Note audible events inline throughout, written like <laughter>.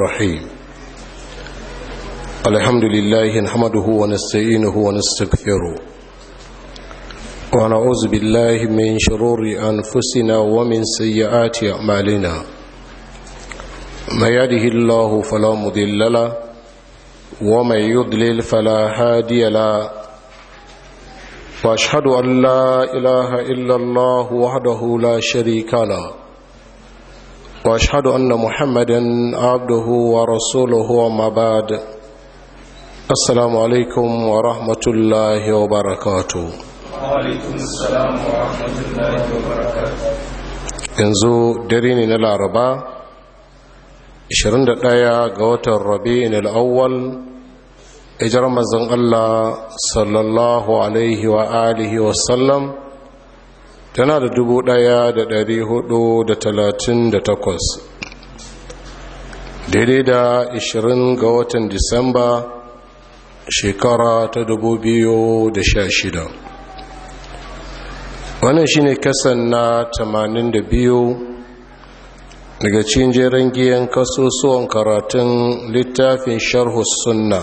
الرحيم الحمد لله نحمده ونستعينه ونستغفره ونعوذ بالله من شرور أنفسنا ومن سيئات أعمالنا ما يده الله فلا مضل له ومن يضلل فلا هادي له واشهد ان لا اله الا الله وحده لا شريك له واشهد ان محمدا عبده ورسوله وما بعد السلام عليكم ورحمه الله وبركاته وعليكم السلام ورحمه الله وبركاته yanzu dare ne na laraba 21 ga watan rabi'in al'awwal ijar mazan allah sallallahu alaihi wa alihi sallam. tana da dubu ɗaya da dari hudu da talatin da takwas daidai da ashirin ga watan disamba shekara ta dubu biyu da sha shida wannan shine kasan na tamanin da biyu daga cikin jiran giyan kasusuwan karatun littafin sharhu sunna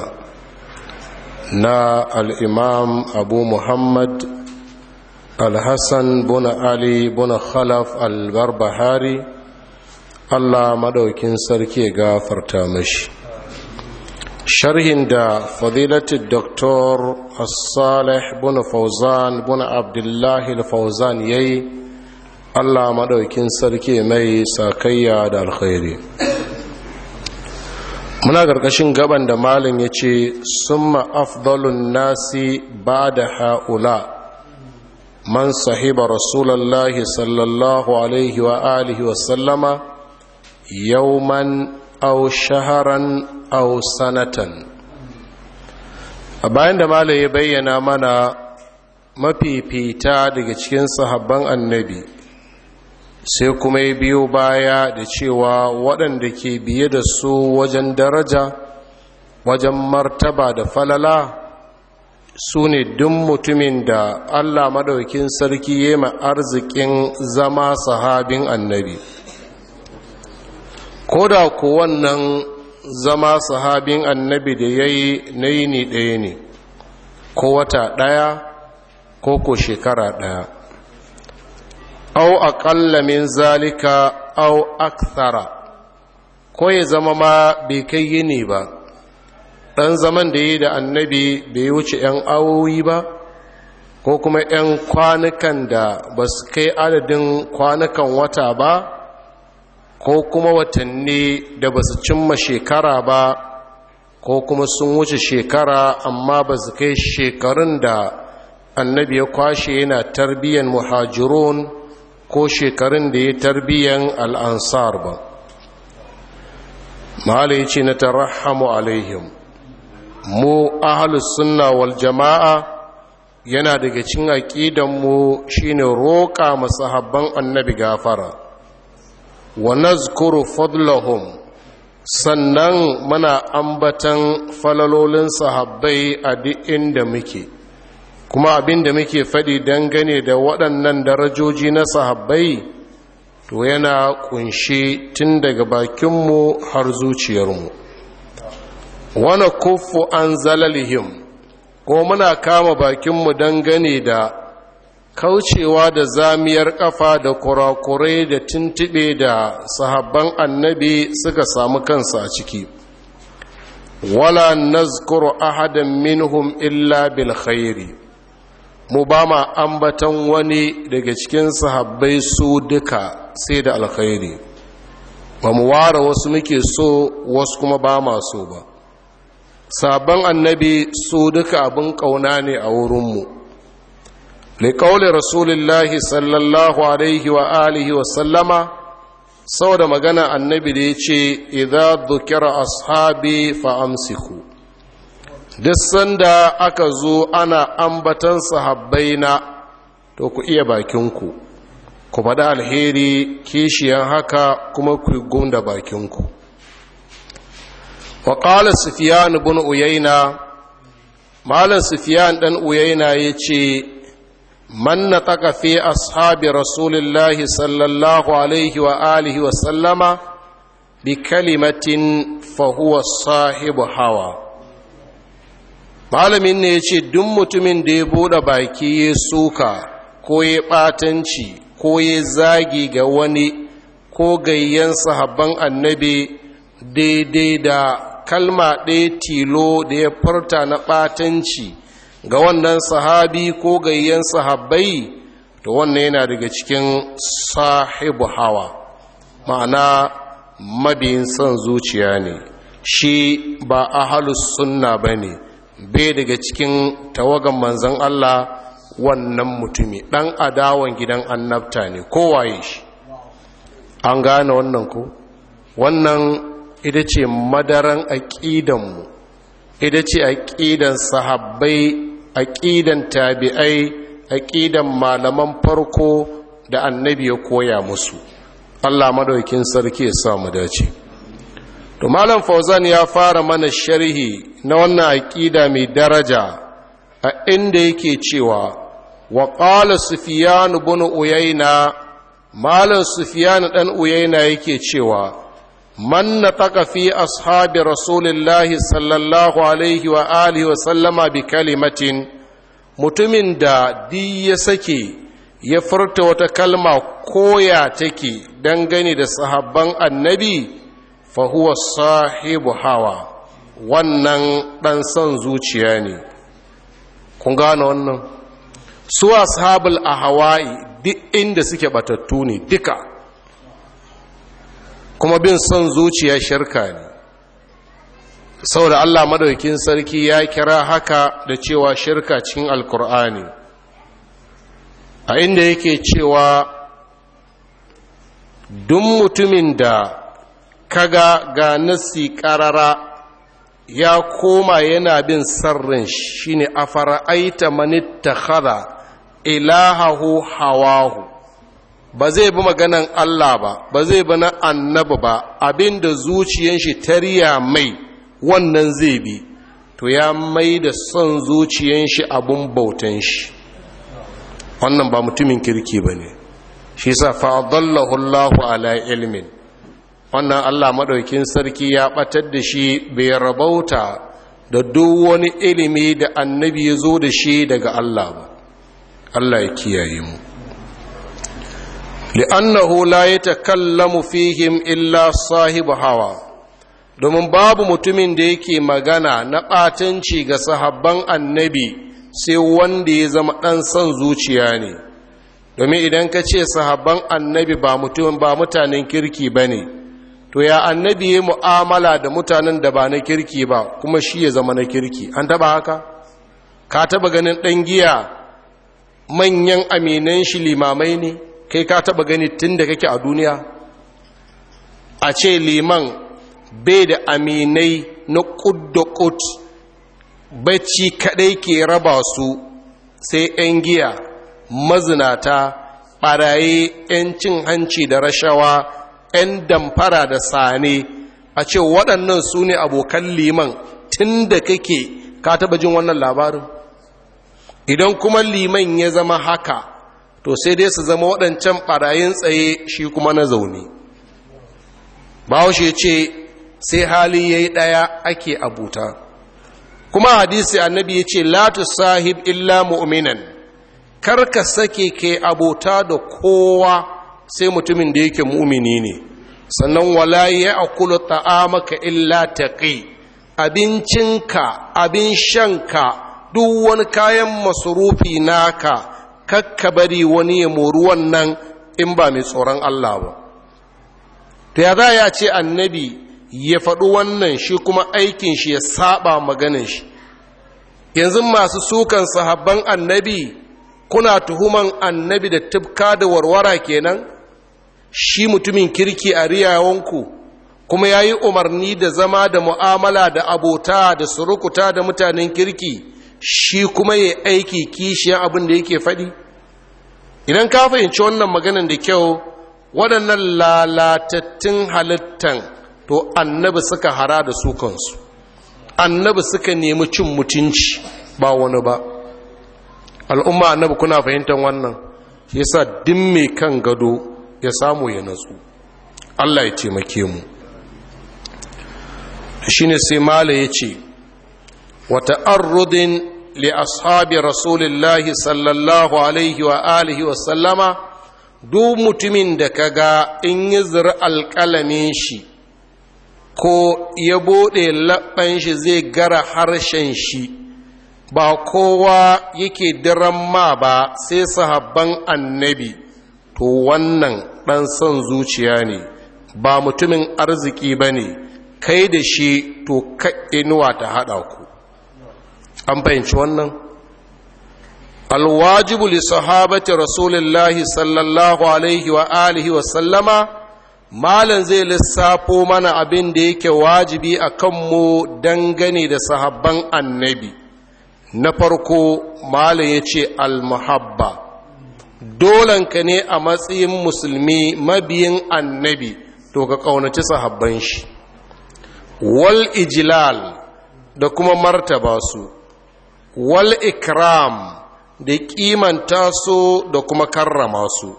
na al'imam abu muhammad alhassan buna ali buna khalaf albarbahari allah maɗaukin sarki gafarta mashi sharhin da Fadilatid doktor salih buna fauzan buna abdullahi fauzan ya yi allah maɗaukin sarki mai sakayya da alkhairi muna ƙarƙashin gaban da malin ya ce summa afdalun nasi ba da ha'ula' man sahiba rasulallahi sallallahu alaihi wa alihi wa sallama yauman aw shaharan aw sanatan bayan da malam ya bayyana mana mafifita daga cikin sahabban annabi sai kuma ya biyo baya da cewa waɗanda ke biye da su wajen daraja wajen martaba da falala su ne duk mutumin da allah maɗaukin sarki ya ma arzikin zama sahabin annabi ko da ku wannan zama sahabin annabi da ya yi na yini ɗaya ne ko wata ɗaya ko ko shekara ɗaya au aƙalla min zalika au akthara ko ya zama ma bai kai yini ba Dan zaman da yi da annabi bai wuce 'yan awowi ba ko kuma 'yan kwanukan da ba su kai adadin kwanukan wata ba ko kuma watanni da ba su cimma shekara ba ko kuma sun wuce shekara amma ba su kai shekarun da annabi ya kwashe yana tarbiyyar muhajirun ko shekarun da ya tarbiyyar al'ansar ba ma'ala ya ce na tarahamu alaihim mu ahalus sunna wal jama'a yana daga cin aqidan mu shine roƙa masahabban annabi gafara wa nazkuru fadlahum sannan muna ambatan falalolin sahabbai a duk inda muke kuma abin da muke faɗi dangane da waɗannan darajoji na sahabbai to yana kunshi tun daga bakinmu har zuciyarmu wani kufu an zalalihim ko muna kama bakinmu dangane da kaucewa da zamiyar kafa da kurakurai da tuntube da sahabban annabi suka samu kansa a ciki wala nazkuru ahadan minhum illa bil khairi mu ba ma ambatan wani daga cikin sahabbai su duka sai da alkhairi ba mu ware wasu muke so wasu kuma ba ma so ba sabon annabi su duka abin ƙauna ne a wurinmu liƙaunin rasulullahi sallallahu alaihi wa alihi wa sallama sau da magana annabi da ya ce idan dukira ashabi fa'amsiku duk sanda aka zo ana ambatan sahabbaina to ku iya bakinku ku faɗi alheri kishiyan haka kuma ku gunda bakinku wa qala sufyan ibn uyayna malam sufyan ɗan Uyaina yace man nataka fi ashabi rasulillahi sallallahu alaihi wa wa sallama bi kalimatin fa sahibu hawa malamin ne ya ce duk mutumin da ya buɗe baki ya suka ko ya ɓatanci ko ya zagi ga wani ko gayyan sahabban annabi daidai da kalma ɗaya tilo da ya furta na ɓatanci ga wannan sahabi ko 'yan sahabbai to wannan yana daga cikin sahibu hawa ma'ana mabiyin son zuciya ne shi ba ahalus sunna ba ne bai daga cikin tawagan manzan Allah wannan mutumi ɗan adawan gidan annabta ne kowaye shi an gane wannan ko wannan ita ce madaran aƙidanmu ita ce aƙidan sahabbai aƙidan tabi'ai aƙidan malaman farko da annabi ya koya musu allah maɗaukin sarki ya samu dace to malam fauzan ya fara mana sharhi na wannan aƙida mai daraja a inda yake cewa wa ƙala sufiyanu bin uyaina malam Sufiyanu ɗan uyaina yake cewa من نطق في ashabi رسول sallallahu alaihi الله عليه wa sallama bi kalimatin mutumin da يسكي ya sake ya furta wata kalma koya take dangane da هوا annabi wannan ɗan son zuciya ne kun gane wannan su ashabul ahawai duk inda suke batattu ne duka kuma bin son zuciya shirka ne saboda Allah madaukin sarki ya kira haka da cewa shirka cikin alkur'ani a inda yake cewa duk mutumin da kaga ga nasi karara ya koma yana bin sarrin a fara aita ittakhadha ilahahu hawahu ba zai bi maganan Allah ba ba zai bi na annabi ba abinda zuciyan shi tariya mai wannan zai bi to ya mai da son zuciyan shi abun bautan shi wannan ba mutumin kirki ba ne shi sa fa'adallahu Allahu ala ilmin wannan Allah maɗaukin sarki ya ɓatar da shi bai rabauta da duk wani ilimi da annabi ya zo da shi daga Allah ba Allah ya kiyaye mu li'annahu la yatakallamu fihim illa sahibu hawa domin babu mutumin da yake magana na ɓatanci ga sahabban annabi sai wanda ya zama ɗan son zuciya ne domin idan ka ce sahabban annabi ba mutum ba mutanen kirki ba ne to ya annabi ya mu'amala da mutanen da ba na kirki ba kuma shi ya zama na kirki an taba haka ka taba ganin ɗan giya manyan aminan shi limamai ne kai ka taba gani tun da kake a duniya a ce liman bai da aminai na kudokot bacci kadai ke raba su sai 'yan giya mazinata ɓaraye, 'yan cin hanci da rashawa 'yan damfara da sane a ce waɗannan su ne abokan liman tun da kake ka taba jin wannan labarin idan kuma liman ya zama haka to sai dai su zama waɗancan ɓarayin tsaye shi kuma na zaune bahaushe ce sai hali ya yi ɗaya ake abuta kuma hadisi annabi ya ce latu sahib illa mu'minan karka sake ke abota da kowa sai mutumin da yake mu'mini ne sannan wala ya akulu ta'amaka illa taqi abincinka abin shanka duk wani kayan masurufi naka kakka bari wani ya mori wannan in ba mai tsoron Allah ba ta ya ya ce annabi ya faɗi wannan shi kuma aikin shi ya saba maganin shi yanzu masu sukan sahabban annabi kuna tuhuman annabi da tubka da warwara kenan shi mutumin kirki a riyawanku kuma ya yi umarni da zama da mu'amala da abota da surukuta da mutanen kirki shi kuma ya aiki kishiyan abin da yake faɗi idan ka fahimci wannan maganan da kyau waɗannan lalatattun halittan to annabi suka hara da su kansu annabi suka nemi cin mutunci ba wani ba al'umma annabi kuna fahimtar wannan Ya sa duk mai kan gado ya samu ya natsu Allah ya taimake mu Shin sai mala ya ce وتأرد لأصحاب li ashabi صلى sallallahu alaihi وآله وسلم wa sallama duk mutumin da ga in yi zira shi ko ya buɗe laɓɓan shi zai gara harshen shi ba kowa yake daren ma ba sai sahabban annabi to wannan ɗan son zuciya ne ba mutumin arziki bane kai da shi to inuwa ta haɗa ku an fahimci wannan alwajibu li sahabati rasulillahi sallallahu alaihi wa alihi wa sallama malam zai lissafo mana abin da yake wajibi a kanmu dangane da sahabban annabi na farko malam ya ce almuhabba dolanka ne a matsayin musulmi mabiyin annabi to ka ƙaunaci sahabban shi wal ijilal da kuma martaba su wal ikram da kimanta su da kuma karrama su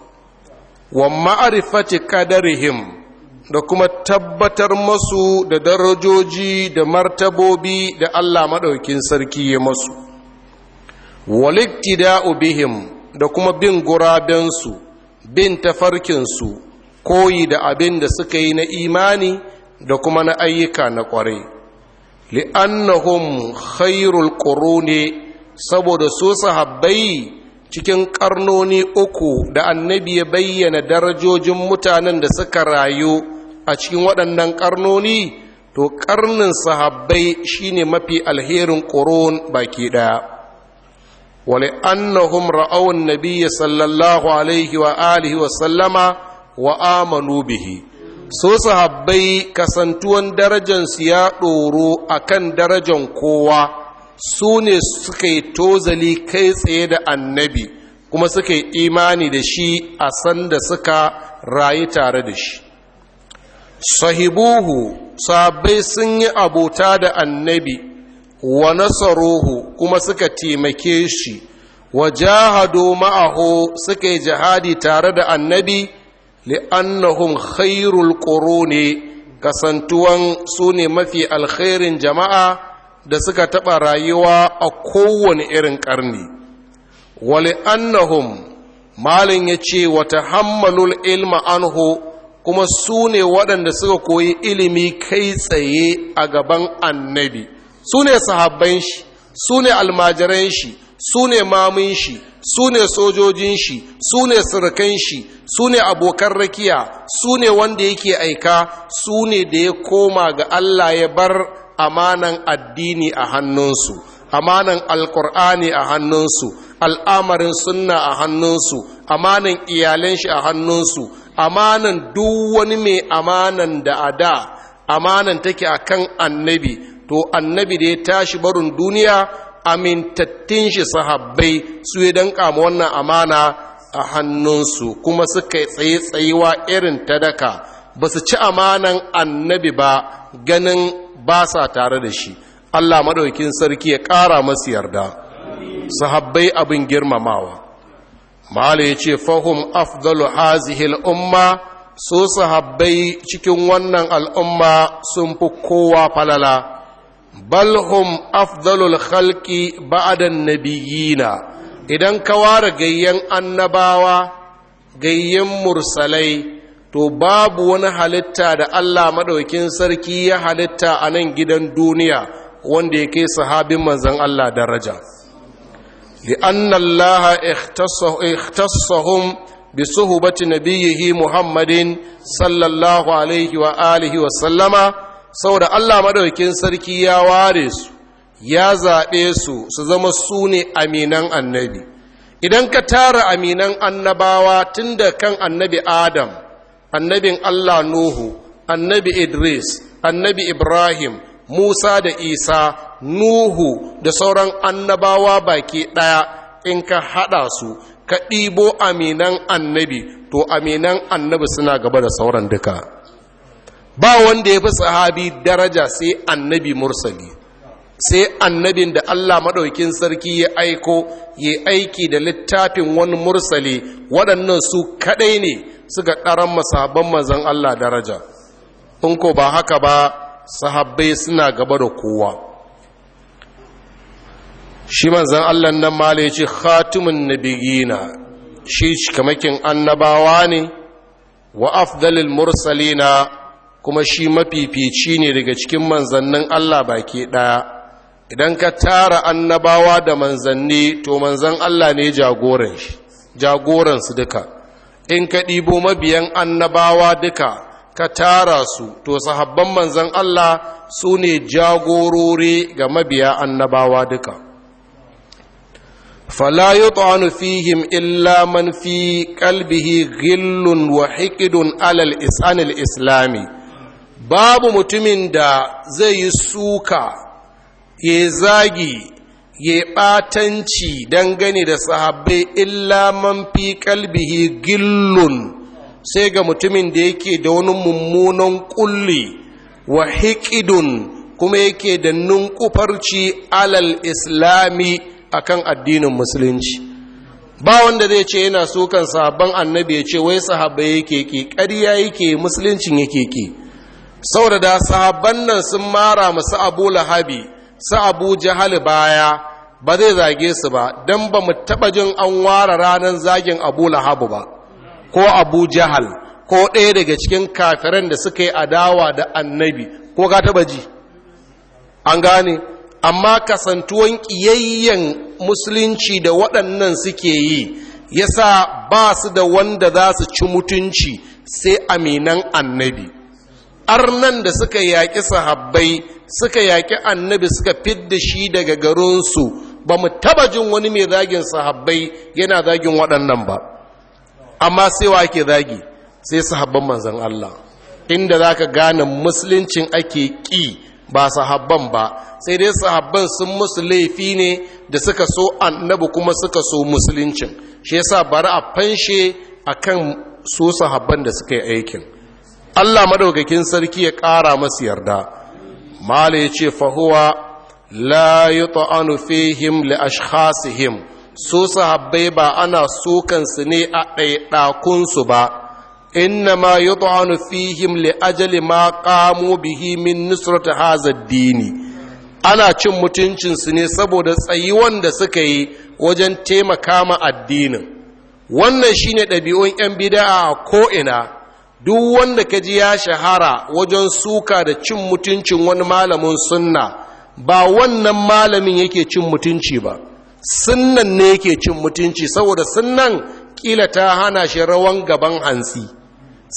wa ma'arifati kadarihim da kuma tabbatar masu da darajoji da martabobi da Allah maɗaukin sarki ya masu iktida'u bihim da kuma bin gurabensu bin tafarkinsu koyi da abin da suka yi na imani da kuma na ayyuka na ƙwarai li'annahum khairul quruni saboda su sahabbai cikin ƙarnoni uku da annabi ya bayyana darajojin mutanen da suka rayu a cikin waɗannan ƙarnoni, to ƙarnin sahabbai shine mafi alherin ƙoron baki ɗaya wale annahum ra'awun nabiyya sallallahu alaihi wa alihi wa sallama wa amanu bihi so sahabbai kasantuwan darajansu ya ɗoro a kan darajan kowa su ne suka yi tozali kai tsaye da annabi kuma suka yi imani da shi a sanda suka rayu tare da shi sahibuhu sahabbai sun yi abota da annabi wa nasaruhu kuma suka taimake shi wa jahado ma'aho suka yi jihadi tare da annabi li'annahum khairul quruni kasantuwan su ne mafi alkhairin jama'a da suka taɓa rayuwa a kowane irin ƙarni wali annahum malin ya ce wata hammalul ilma anhu kuma su ne waɗanda suka koyi ilimi kai tsaye a gaban annabi su ne sahabban shi su ne almajiran shi su ne mamun shi su ne sojojin shi su ne surukan shi su ne abokan rakiya su ne wanda yake aika su ne da ya koma ga allah ya bar amanan addini a hannunsu amanan alkur'ani a hannunsu al'amarin sunna a hannunsu amanan iyalan shi a hannunsu amanan duk wani mai amanan da a da amanan take a kan annabi to annabi da ya tashi barin duniya amintattun shi sahabbai su ya danka wannan amana a hannunsu kuma suka tsaye tsayewa irin ta daka ba su ci amanan annabi ba ganin ba sa tare da shi allah maɗaukin sarki ya ƙara masu yarda sahabbai abin girmamawa mahala ya ce fahim afdalu hazihil umma su sahabbai cikin wannan al'umma sun fi kowa falala bal hum afdalul khalqi ba'da nabiyina idan ka ware gayyen annabawa gayyen mursalai to babu wani halitta da Allah madaukin sarki ya halitta a nan gidan duniya wanda ya kai sahabin manzon Allah daraja لأن الله اختصهم بصحبة نبيه محمد صلى الله عليه وآله وسلم saboda Allah madaukin sarki ya ware su ya zaɓe su su zama su ne aminan annabi idan ka tara aminan annabawa tun da kan annabi adam annabin Allah nuhu annabi idris annabi ibrahim musa da isa nuhu da sauran annabawa baki ɗaya in ka haɗa su ka ɗibo aminan annabi to aminan annabi suna gaba da sauran duka ba wanda ya fi sahabi daraja sai annabi mursali sai annabin da Allah maɗaukin sarki ya aiko ya aiki da littafin wani mursali waɗannan su kaɗai ne suka ɗaran masaban mazan Allah daraja in ko ba haka ba sahabbai suna gaba da kowa shi manzan Allah nan mala ya ce khatimin nabiyina shi cikamakin annabawa ne wa afdalil mursalina kuma shi mafifici ne daga cikin manzannin Allah baki ɗaya idan ka tara annabawa da manzanni to manzan Allah ne jagoran shi jagoransu duka in ka ɗibo mabiyan annabawa duka ka tara su to sahabban manzan Allah su ne jagorori ga mabiya annabawa duka fala yut'anu fihim illa man fi qalbihi ghillun wa hiqdun alal isanil islami babu mutumin da zai yi suka ya zagi ya ɓatanci dangane da sahabbai illa man fi kalbihi gillun sai ga mutumin da yake da wani mummunan kulli wa hikidun kuma yake da nunkufarci alal islami akan addinin musulunci ba wanda zai ce yana sukan sahabban annabi ya ce wai sahabbai yake ki ƙarya yake musuluncin yake ki saboda da sahabban nan sun mara masu abu lahabi su abu jahal baya ba zai zage su ba don ba mu taɓa jin an ware ranar zagin abu lahabu ba ko abu jahal ko ɗaya daga cikin kafiran da suka yi adawa da annabi ko ka taɓa ji an gane amma kasantuwan ƙiyayyen musulunci da waɗannan suke yi ya sa ba su da wanda za su ci mutunci sai aminan annabi arnan da suka yaƙi sahabbai suka yaƙi annabi suka fidda shi daga garinsu ba mu taba jin wani mai zagin sahabbai yana zagin waɗannan ba amma sai wa ake zagi sai sahabban manzan Allah inda za ka gane musuluncin ake ƙi ba sahabban ba sai dai sahabban sun musu laifi ne da suka so annabi kuma suka so musuluncin shi yasa bari a fanshe akan su sahabban da suka yi aikin Allah madaukakin sarki ya ƙara masu yarda mala ya ce fahuwa la yi ta'anu fihim li ashkhasihim su sahabbai ba ana sukansu ne a ɗaiɗakunsu ba ma إنما يطعن فيهم لأجل ما قاموا به من نصرة هذا الدين ana cin mutuncinsu ne saboda tsayuwan da suka yi wajen taimaka ma addinin wannan shine ɗabi'un 'yan bida'a a ko'ina duk wanda ka ji ya shahara wajen suka da cin mutuncin wani malamin sunna ba wannan malamin yake cin mutunci ba sunnan ne yake cin mutunci saboda sunnan kila ta hana shi rawan gaban hantsi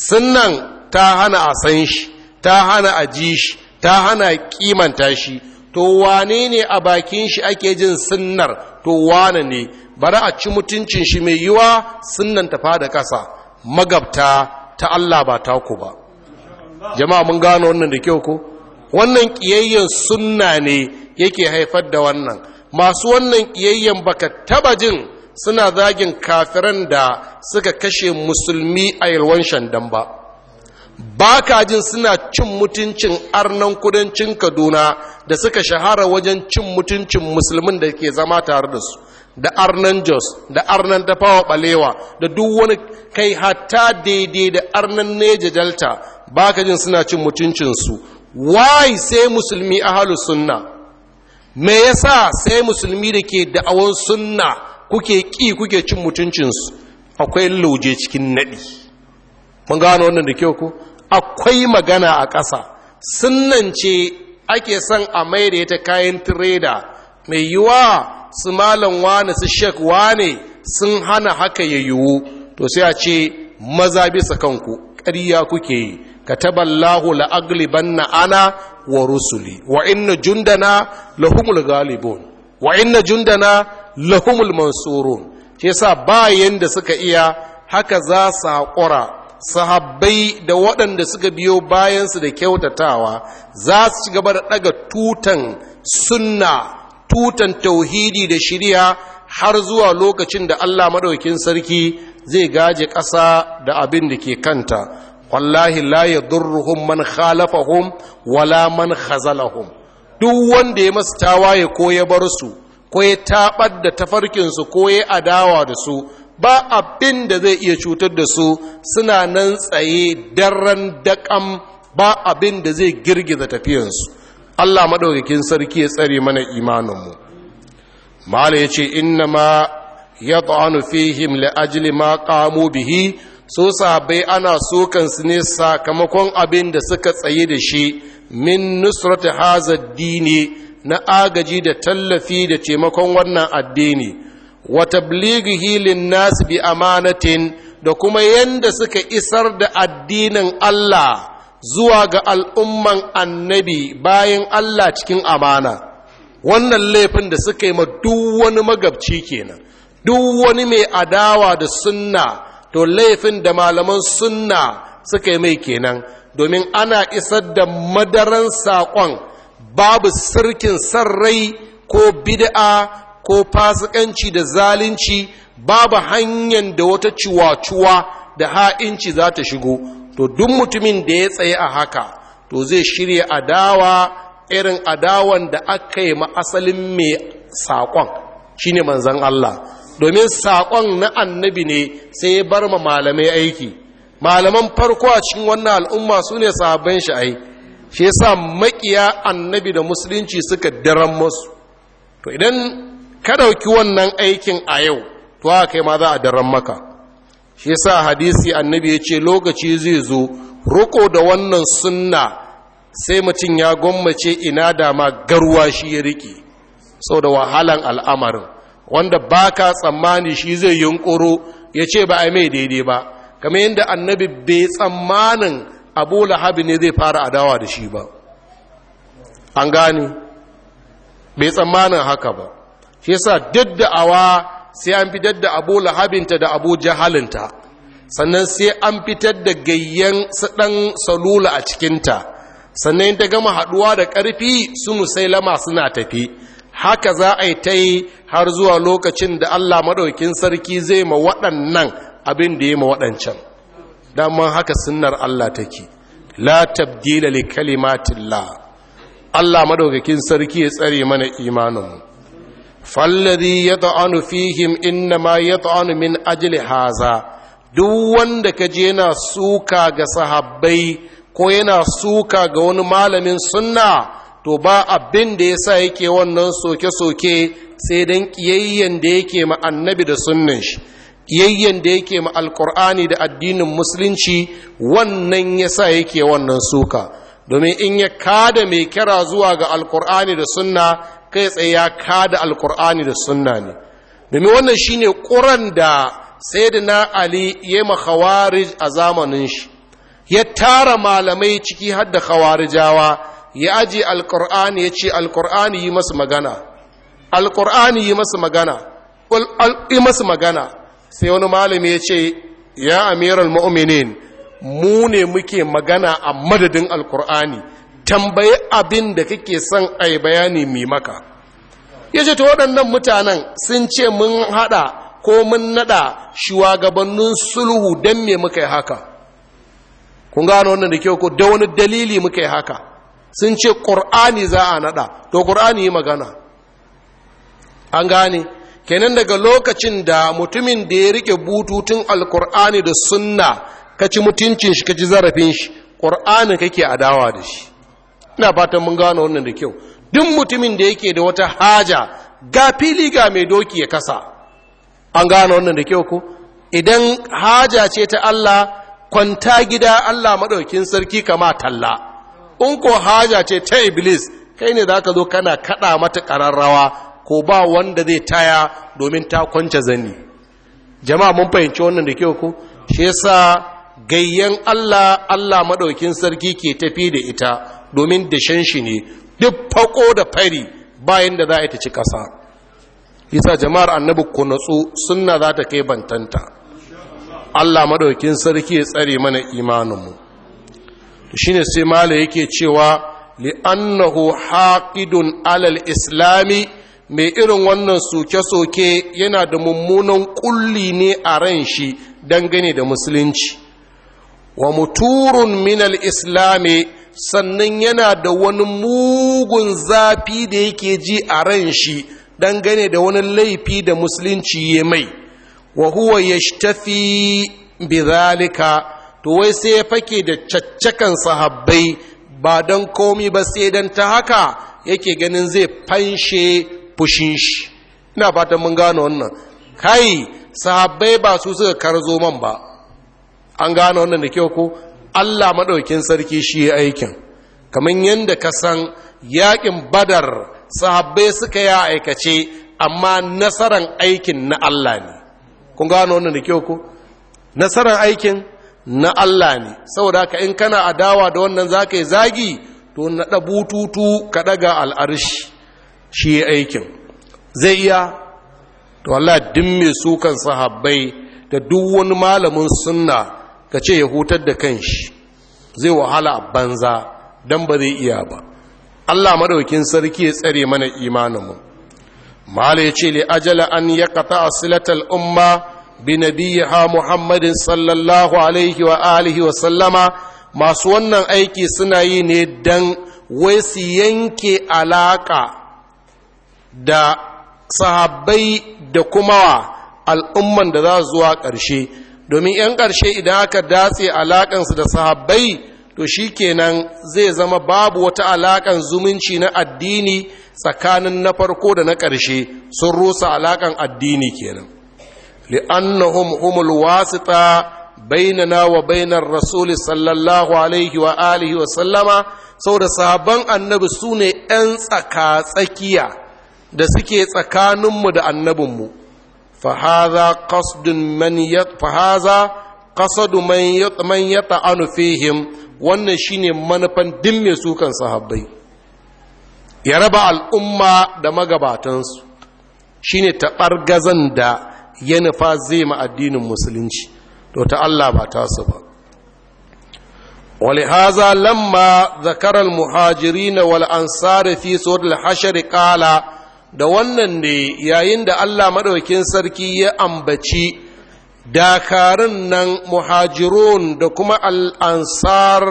sunnan ta hana a san shi ta hana a ji shi ta hana kimanta shi to wane ne a bakin shi ake jin sunnar to wane ne bari a ci mutuncin shi mai yiwa sunnan ta fada kasa magabta ta Allah ba ta ku ba jama'a mun gano wannan da kyau ko wannan kiyayyen sunna ne yake haifar da wannan masu wannan kiyayyen baka taba jin suna zagin kafiran da suka kashe musulmi a yalwan shandan ba ba ka jin suna cin mutuncin arnan kudancin kaduna da suka shahara wajen cin mutuncin musulmin da ke zama tare da su da arnan jos da arnan fawa balewa da duk wani kai hatta daidai da arnan neja delta ba jin suna cin mutuncinsu wai sai musulmi ahalu sunna me yasa sai musulmi da ke da'awar sunna kuke ƙi kuke cin mutuncinsu akwai lauje cikin naɗi mun gano wannan da kyau ko akwai magana a ƙasa sunnan ce ake son a maida ta kayan tireda mai yiwa su malam wane su shek wane sun hana haka ya yiwu to sai a ce maza bisa kanku ƙarya kuke yi ka taballahu la'agliban na ana wa rusuli wa inna jundana lahumul galibun wa inna jundana lahumul mansurun shi yasa bayan da suka iya haka za su haƙura sahabbai da waɗanda suka biyo bayansu da kyautatawa za su ci gaba da ɗaga tutan sunna tutan tauhidi da shirya har zuwa lokacin da Allah maɗaukin sarki zai gaje ƙasa da abin da ke kanta wallahi la durruhum man khalafahum wala man khazalahum duk wanda ya masu tawaye ko ya bar su ko ya tabar da tafarkin su ko ya adawa da su ba abin da zai iya cutar da su suna nan tsaye daren daƙam ba abin da zai girgiza tafiyansu Allah maɗaukakin sarki ya tsare mana imaninmu mala ya ce inna ma ya ta'anu fihim la'ajili ma ƙamo bihi so sabai ana sokansu ne sakamakon abin da suka tsaye da shi min nusrata hazar dini na agaji da tallafi da taimakon wannan addini wa hilin lin-nas bi amanatin da kuma yanda suka isar da addinin Allah zuwa ga al'umman annabi bayan Allah cikin amana wannan laifin da suka yi ma duk wani magabci kenan duk wani mai adawa da sunna to laifin da malaman sunna suka yi mai kenan domin ana isar da madaran saƙon babu sirkin sarrai ko bid'a ko fasikanci da zalunci babu hanyar da wata ciwa-ciwa da ha'inci za ta shigo to duk mutumin da ya tsaye a haka to zai shirya adawa irin adawan da aka yi ma'asalin mai saƙon shi shine manzan Allah domin saƙon na annabi ne sai ya bar ma malamai aiki malaman farko a cikin wannan al'umma su ne sahabban shi ai shi yasa makiya annabi da musulunci suka daren masu to idan ka ɗauki wannan aikin a yau to haka kai ma za a daren maka shi yasa hadisi annabi ya ce lokaci zai zo roƙo da wannan sunna sai mutum ya gwammace ina da ma garwa shi ya riƙe sau da wahalan al'amarin wanda ba ka tsammani shi zai yunƙuro ya ce ba a mai daidai ba kamar yadda annabi bai tsammanin abu lahabi ne zai fara adawa da shi ba an gane bai tsammanin haka ba shi yasa duk da awa sai an fitar da abu lahabinta da abu jahalinta sannan sai an fitar da gayyen ɗan salula a cikinta sannan yin ta gama haduwa da karfi su musailama suna tafi haka za a yi ta yi har zuwa lokacin da allah maɗaukin sarki zai ma waɗannan abin da ya ma waɗancan damar haka sunnar allah take la tabdila li kalimatillah allah maɗaukakin sarki ya tsare mana imaninmu فالذي يطعن فيهم fihim inna ma اجل هذا min ajili haza duk wanda ka je yana suka ga sahabbai ko yana suka ga wani malamin sunna to ba abin da ya sa yake wannan soke-soke sai don ƙiyayyen da yake ma annabi da sunnan shi ƙiyayyen da yake ma alkur'ani da addinin musulunci wannan ya sa yake wannan suka domin in ya kada mai kira zuwa ga alkur'ani da sunna kai tsaye ya kada alkur'ani da sunna ne domin wannan shine ƙuran da sayyidina ali ya ma khawarij a zamanin shi ya tara malamai ciki har da khawarijawa ya aje alkur'ani ya ce alkur'ani yi masu magana alkur'ani yi masu magana yi masu magana sai wani malami ya ce ya amiral mu'minin mu ne muke magana a madadin alkur'ani tambayi abin da kake son a bayani mai maka ya ce ta waɗannan mutanen sun ce mun haɗa ko mun naɗa shugabannin sulhu don me muka yi haka kun gano wannan da kyau ko da wani dalili muka yi haka sun ce ƙur'ani za a naɗa to ƙur'ani yi magana an gane kenan daga lokacin da mutumin da ya rike bututun alƙur'ani da sunna kaci mutuncin shi kaci zarafin shi ƙur'ani kake adawa da shi ina fatan mun gano wannan da kyau duk mutumin da yake da wata haja ga fili ga mai doki ya kasa an gano wannan da kyau ko idan haja ce ta Allah kwanta gida Allah maɗaukin sarki kama talla in ko haja ce ta iblis kai ne zaka zo kana kaɗa mata ƙararrawa ko ba wanda zai taya domin ta kwance zani jama'a mun fahimci wannan da kyau ko shi yasa gayyan Allah Allah maɗaukin sarki ke tafi da ita domin dashen shi ne duk fako da fari bayan da za a yi ta ci ƙasa isa jama'ar annabi ku natsu sunna za ta kai bantanta allah maɗaukin sarki ya tsare mana imaninmu shi ne sai mala yake cewa li'annahu haƙidun alal islami mai irin wannan soke-soke yana da mummunan kulli ne a ran shi dangane da musulunci wa muturun minal islami sannan yana da wani mugun zafi da yake ji a ran shi dangane da wani laifi da musulunci ya mai wa huwa tafi bizalika to wai sai ya fake da caccakan sahabbai ba don komi ba sai don ta haka yake ganin zai fanshe fushin shi ina fatan mun gano wannan kai sahabbai ba su suka karzo man ba an gano wannan da kyau ko Allah maɗaukin sarki shi ya aikin kamar yadda ka san yaƙin badar sahabbai suka ya aikace amma nasaran aikin na Allah ne kun gano wannan da kyau ku? nasaran aikin na Allah ne saboda haka in kana adawa da wannan zaka yi zagi to na da bututu ka ɗaga al'arshi shi ya aikin zai iya to Allah din mai sukan sahabbai da duk wani malamin sunna ka ce ya hutar da kan shi zai wahala a banza don ba zai iya ba Allah madaukin sarki ya tsare mana imaninmu mala ya ce li ajala an ya kata silatar umma bi ha muhammadin sallallahu alaihi wa alihi wa sallama masu wannan aiki suna yi ne don wai su yanke alaka da sahabbai da kuma al'umman da za zuwa ƙarshe domin 'yan ƙarshe idan aka datse alaƙansu da sahabbai to shi kenan zai zama babu wata alaƙan zumunci na addini tsakanin na farko da na ƙarshe sun rusa alaƙan addini kenan li'annahum humul wasita bainana wa bainar rasuli sallallahu alaihi wa alihi wa sallama sau da sahabban annabi su ne 'yan tsaka tsakiya da suke tsakaninmu da annabinmu fahaza ƙasadu man yat fahaza qasadu man yat man wannan shine manufan din mai sukan sahabbai ya raba al'umma da magabatansu shine taɓargazan da ya nufa zai ma addinin musulunci to ta Allah ba ta su ba ولهذا لما ذكر المهاجرين والأنصار في سورة الحشر ƙala. da wannan ne yayin da Allah maɗaukin sarki ya ambaci dakarun nan muhajirun da kuma al'ansar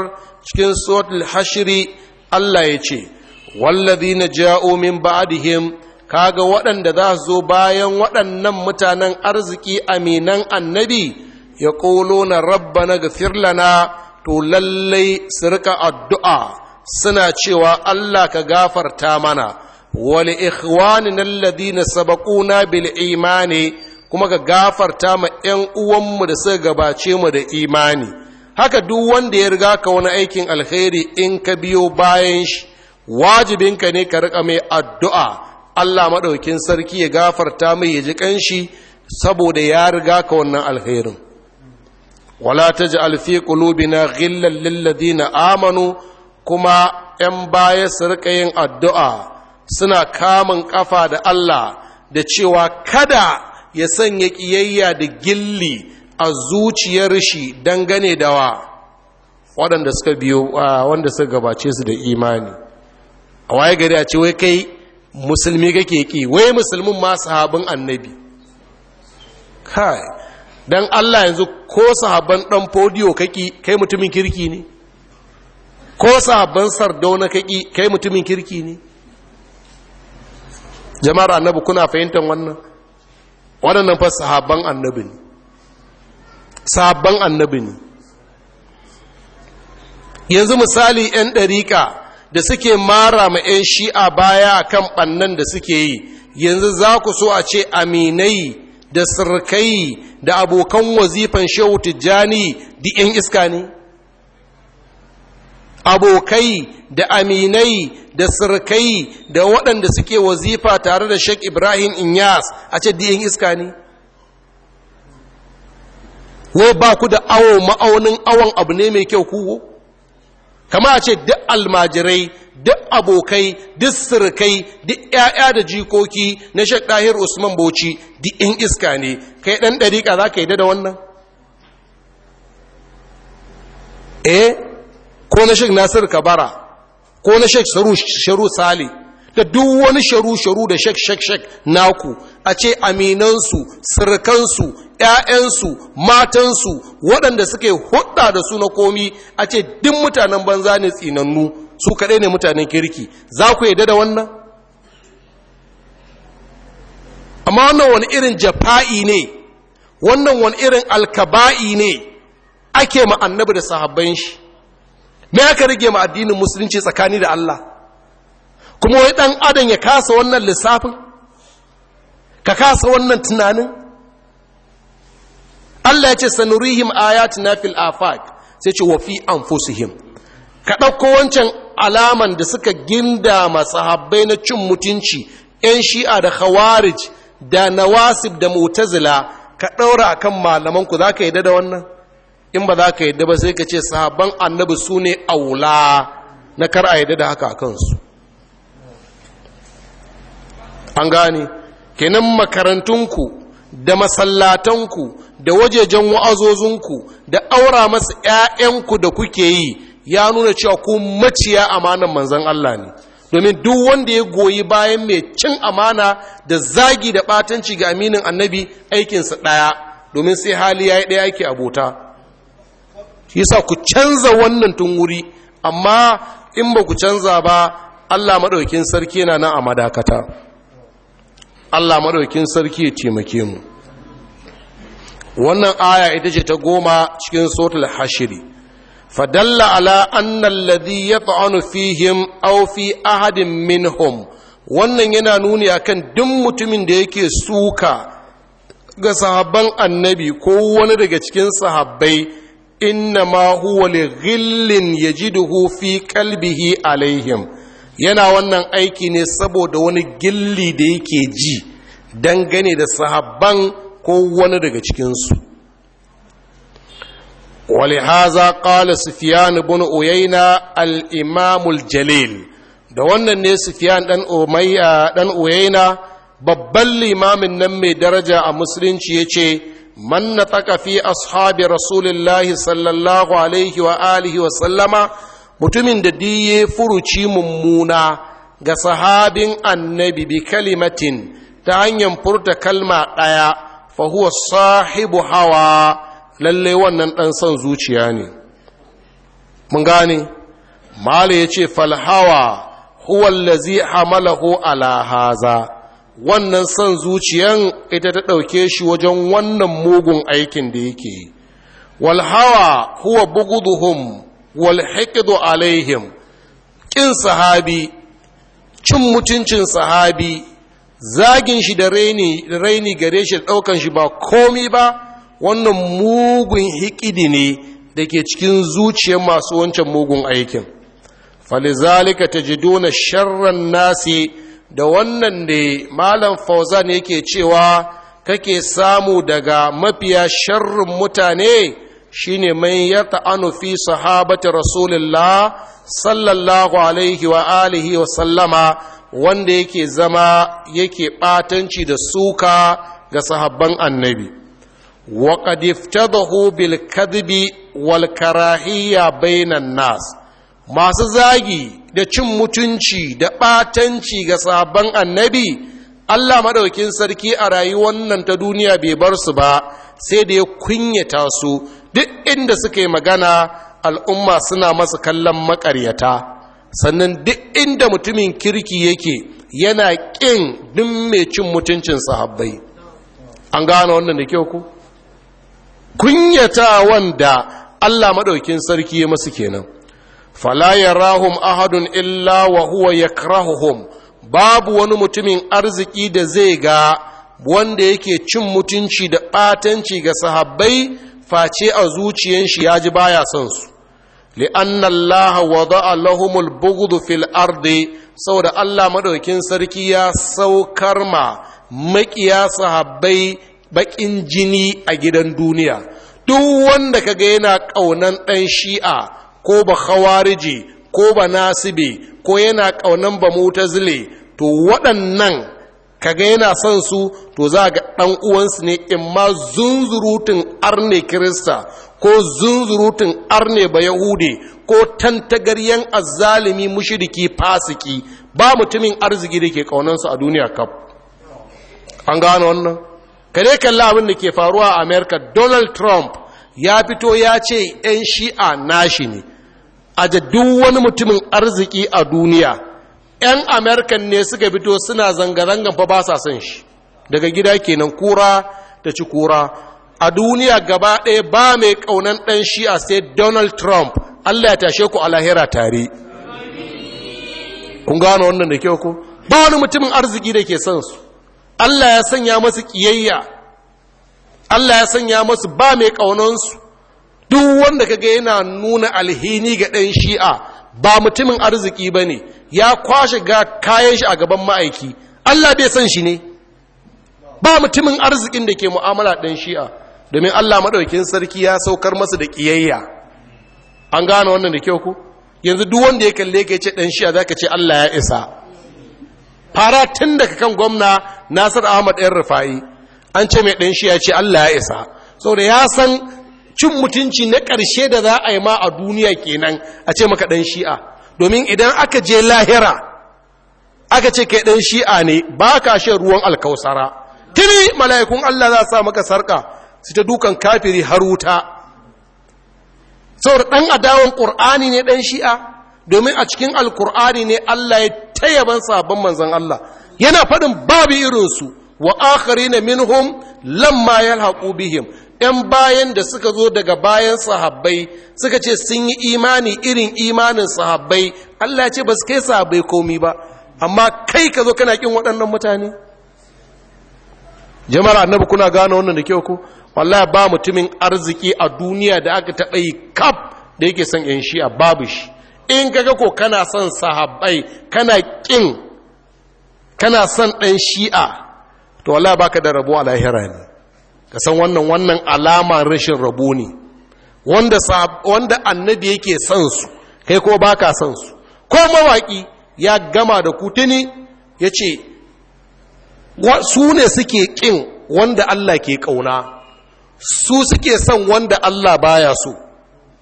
cikin suratul hashiri Allah ya ce wallazi na ja'o min ba'adihim kaga waɗanda za su zo bayan waɗannan mutanen arziki aminan annabi ya ƙolo na rabba na gafirlana to lallai su rika addu'a suna cewa Allah ka gafarta mana wali ikhwanin alladhina sabaquna bil imani kuma ka gafarta ma yan uwanmu da suka gabace mu da imani haka duk wanda ya riga ka wani aikin alheri in ka biyo bayan shi wajibinka ne ka rika mai addu'a Allah maɗaukin sarki ya gafarta mai ya ji ƙanshi saboda ya riga ka wannan alherin. Wala ta ji alfi ƙulubina ghillan ladina amanu kuma ‘yan baya su riƙa yin addu'a suna kamun kafa da Allah da cewa kada ya sanya ƙiyayya da gilli a zuciyar shi dangane da wa waɗanda suka biyo wanda suka gabace su da imani a waye gari a ce wai kai musulmi kake ki wai musulmin ma sahabin annabi kai dan Allah yanzu ko sahabban dan fodiyo kake kai mutumin kirki ne ko sahabban sardauna kake kai mutumin kirki ne jama'ar annabi kuna fahimtar wannan waɗannan fa sahabban annabi ne sahabban annabi ne yanzu misali 'yan ɗariƙa da suke mara ma 'yan shi'a baya kan ɓannan da suke yi yanzu za ku so a ce aminai da sirkai da abokan wazifan shehu tijjani duk 'yan iska ne abokai da aminai da sirkai da waɗanda suke wazifa tare da sheik ibrahim inyas a ce diyan iska ne wai ba ku da awo ma'aunin awon abu ne mai kyau kuwo kama a ce duk almajirai duk abokai duk sirkai duk 'ya'ya da jikoki na sheik ɗahir usman bauchi diyan iska ne kai ɗan ɗariƙa za ka yi da wannan eh ko na shek nasir kabara ko na shek sharu sale da duk wani sharu-sharu da shek-shek-shek naku a ce aminansu sirkansu 'ya'yansu matansu waɗanda suke hudda da su na komi a ce duk mutanen banza ne tsinannu su kaɗai ne mutanen kirki za ku yi da wannan amma wannan wani irin jafa'i ne wannan wani irin alkaba'i ne ake ma da sahabban shi me aka rage ma addinin musulunci tsakani da Allah kuma wai dan adam ya kasa wannan lissafin ka kasa wannan tunanin Allah ya ce sanurihim ayatina fil afaq sai ce wa fi anfusihim ka dauko wancan alaman da suka ginda masahabbai na cin mutunci 'yan shi'a da khawarij da nawasib da mutazila ka ɗaura akan kan malamanku za ka yi da wannan in ba za ka yadda ba sai ka ce sahabban annabi su ne aula na kar a yadda da haka a kansu an gane kenan makarantunku da masallatanku da wajejen wa'azozunku da aura masa 'ya'yanku da kuke yi ya nuna cewa ku maciya amanan manzan Allah ne domin duk wanda ya goyi bayan mai cin amana da zagi da batanci ga aminin annabi aikinsa ɗaya domin sai hali ya yi ɗaya ake abota yasa ku canza wannan tun wuri amma in ba ku canza ba Allah maɗaukin sarki yana nan a madakata Allah maɗaukin sarki ya taimake mu wannan aya ita ce ta goma cikin sotul hashiri fadalla ala anna alladhi yat'anu fihim aw fi ahadin minhum wannan yana nuni akan duk mutumin da yake suka ga sahabban annabi ko wani daga cikin sahabbai inna ma huwa li ghillin yajiduhu fi qalbihi alaihim yana wannan aiki ne saboda wani gilli da yake ji dangane da sahabban ko wani daga cikinsu ولهذا قال سفيان بن أوينا الإمام الجليل da wannan ne Sufyan dan Umayya dan Uyayna babban limamin nan mai daraja a musulunci yace man nataka fi ashabi rasulillahi sallallahu alaihi wa wa sallama mutumin da diye furuci mummuna ga sahabin annabi kalimatin ta hanyar furta kalma ɗaya fa huwa sahibu hawa lalle wannan ɗan son zuciya ne mun gane mala ya ce falhawa huwa allazi hamalahu ala haza wannan son zuciyan ita ta ɗauke shi wajen wannan mugun aikin da yake walhawa huwa buguduhum walhikidu alaihim Kin sahabi cin mutuncin sahabi zagin shi da raini gare shi da ɗaukan shi ba komi ba wannan mugun hikidi ne da ke cikin zuciyar masu wancan mugun aikin falizalika ta ji dona sharran nasi da wannan da malam fauzan yake cewa kake samu daga mafiya sharrin mutane shine mai ya ta'anu fi sahabati rasulullah sallallahu alaihi wa alihi wa sallama wanda yake zama yake ɓatanci da suka ga sahabban annabi wa qad iftadahu bil kadhibi wal karahiyya bainan nas masu zagi da cin mutunci da ɓatanci ga sabon annabi Allah maɗaukin sarki a rayuwar nan ta duniya bai bar su ba sai da ya kunyata su duk inda suka yi magana al'umma suna masu kallon maƙaryata sannan duk inda mutumin kirki yake yana ƙin duk mai cin mutuncin sahabbai an gano wannan da kyau ku kunyata wanda Allah maɗaukin sarki ya masu kenan فلا يراهم ahadun illa wa huwa باب babu wani mutumin arziki da zai ga wanda yake cin mutunci da ɓatanci ga sahabbai face a zuciyan shi ya ji baya son su anna Allah wada'a lahumul bughd fil ardi saboda Allah madaukin sarki ya saukar ma maƙiya sahabbai bakin jini a gidan duniya duk wanda kaga yana kaunan ɗan shi'a ko ba khawariji ko ba nasibi ko yana ƙaunan ba zile to waɗannan kaga yana son su to za ga ɗan uwansu ne in ma zunzurutun arne kirista ko zunzurutun arne ba yahude ko tantagaryen azzalimi mushiriki fasiki ba mutumin arziki da ke ƙaunansu a duniya kaf an gano wannan ka dai kalla abin da ke faruwa a america donald trump ya fito ya ce 'yan shi'a nashi ne aje duk wani mutumin arziki a duniya 'yan amerikan ne suka fito suna zanga-zangan fa ba sa son shi daga gida kenan kura ta ci kura a duniya gaba ɗaya ba mai ƙaunan ɗan shi a sai donald trump allah ya tashe ku a lahira tare kun gano wannan da kyau ku ba wani mutumin arziki da ke son su allah ya sanya masu ƙiyayya allah ya sanya masu ba mai ƙaunansu duk wanda kaga yana nuna alhini ga ɗan shi'a ba mutumin arziki ba ne ya kwashe ga kayan shi a gaban ma'aiki allah bai san shi ne ba mutumin arzikin da ke mu'amala ɗan shi'a domin allah maɗaukin sarki ya saukar masa da ƙiyayya an gane wannan da kyau ku yanzu duk wanda ya kalle ka ce ɗan shi'a za ka ce allah ya isa fara tun daga kan gwamna nasir ahmad ɗan rufa'i an ce mai ɗan shi'a ce allah ya isa saboda ya san cin mutunci na ƙarshe da za a yi ma a duniya kenan a ce maka ɗan shi'a domin idan aka je lahira aka ce kai ɗan shi'a ne ba ka shan ruwan alkausara tuni mala'ikun Allah za sa maka sarka su ta dukan kafiri har wuta saboda ɗan adawan ƙur'ani ne ɗan shi'a domin a cikin alƙur'ani ne Allah ya tayyaban sabon manzan Allah yana faɗin babu irinsu wa na minhum lamma yalhaqu bihim ‘yan bayan da suka zo daga bayan sahabbai suka ce sun yi imani irin imanin sahabbai Allah ce ba su kai sahabbai komi ba amma kai ka zo kana kin waɗannan mutane jama'ar annabi kuna gane wannan da kyau ko wallahi ba mutumin arziki a duniya da aka taɓa yi kaf da yake son ‘yan shi a babu shi in kaga ko kana son sahabbai kana kin kana son ɗan shi'a to wallahi baka da rabo a lahira ne ka san wannan wannan alama rashin rabo ne wanda annabi yake son su kai ko baka san su ko mawaki ya gama da kutuni ya ce su ne suke kin wanda Allah ke kauna su suke son wanda Allah baya so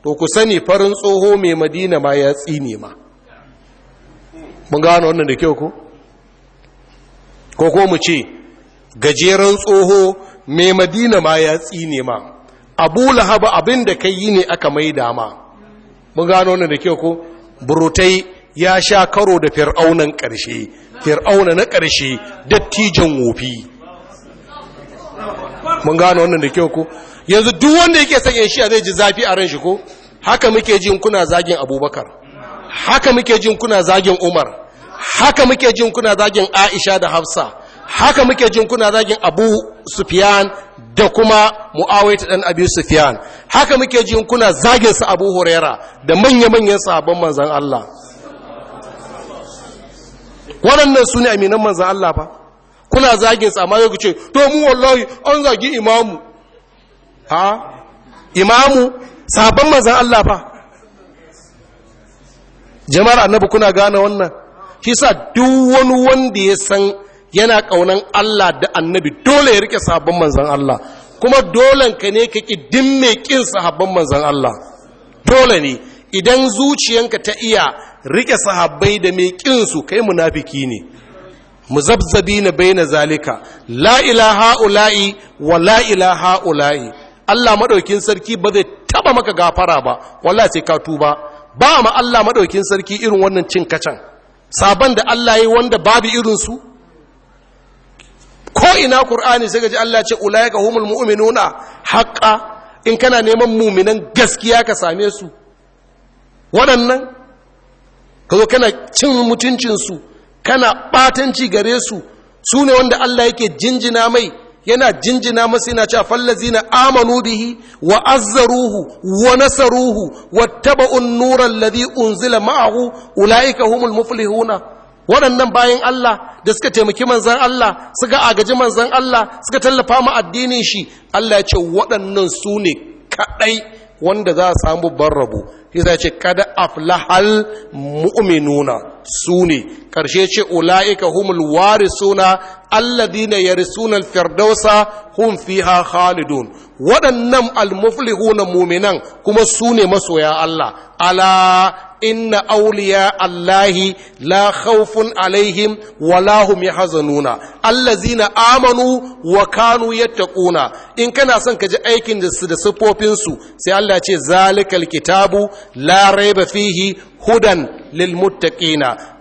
to ku sani farin tsoho mai madina ma ya tsine ma mun gano wannan da kyau ko ko ko mu ce gajeren tsoho mai madina ma ya tsine ma abu lahaba abin da kai yi ne aka mai dama mun gano ne da kyau ko burutai ya sha karo da fir'aunan ƙarshe fir'auna na ƙarshe dattijan wofi mun gano wannan da kyau ko yanzu duk wanda yake sanya shi zai ji zafi a ran shi ko haka muke jin kuna zagin abubakar haka muke jin kuna zagin umar haka muke jin kuna zagin aisha da hafsa haka muke jin kuna zagin abu sufiyan da kuma mu'awaita dan abu sufiyan haka muke jin kuna zagin su abu horera da manya-manyan sabon manzan Allah waɗannan su ne aminan manzan Allah ba kuna zagin su amma yau ce to mu wallahi an zagi imamu ha imamu sabon manzan Allah ba jama'ar annabi kuna gane wannan shi sa duk wani wanda ya san yana ƙaunan Allah da annabi dole ya rike sahabban manzan Allah kuma dolen ka ne ka ƙi dimme ƙin sahabban manzan Allah dole ne idan zuciyanka ta iya rike sahabbai da mai ƙinsu kai munafiki ne Mu zabzabi na bai na zalika la ilaha ula'i wa la ilaha ula'i Allah maɗaukin sarki ba zai taba maka gafara ba wala sai ka tuba ba ma Allah maɗaukin sarki irin wannan cin kacan saban da Allah ya wanda babu irinsu ko ina qur'ani sai gaji Allah ce ulaika humul mu'minuna haqqan in kana neman mu'minan gaskiya ka same su waɗannan ka zo kana cin mutuncinsu kana ɓatanci gare su su ne wanda Allah yake jinjina mai yana jinjina masu yana cewa fallazina amanu bihi wa azzaruhu wa nasaruhu wa taba'un nuran ladhi unzila ma'ahu ulaika humul muflihuna waɗannan bayan Allah da suka taimaki manzan Allah suka agaji manzan Allah suka tallafa ma addinin shi Allah ya ce waɗannan su ne kaɗai wanda za a samu barrabu shi za ce kada aflahal mu'minuna su ne ƙarshe ce ula'ika humul warisuna alladina yarisuna firdausa hum fiha khalidun waɗannan almuflihuna mu'minan kuma su ne masoya Allah ala inna auliya allahi la khawfun alaihim walahum wala nuna. Allah zina amanu wa kanu yattaquna in kana son ka ji aikin da su da sifofin sai Allah ce zalikal kitabu la raiba fihi hudan lil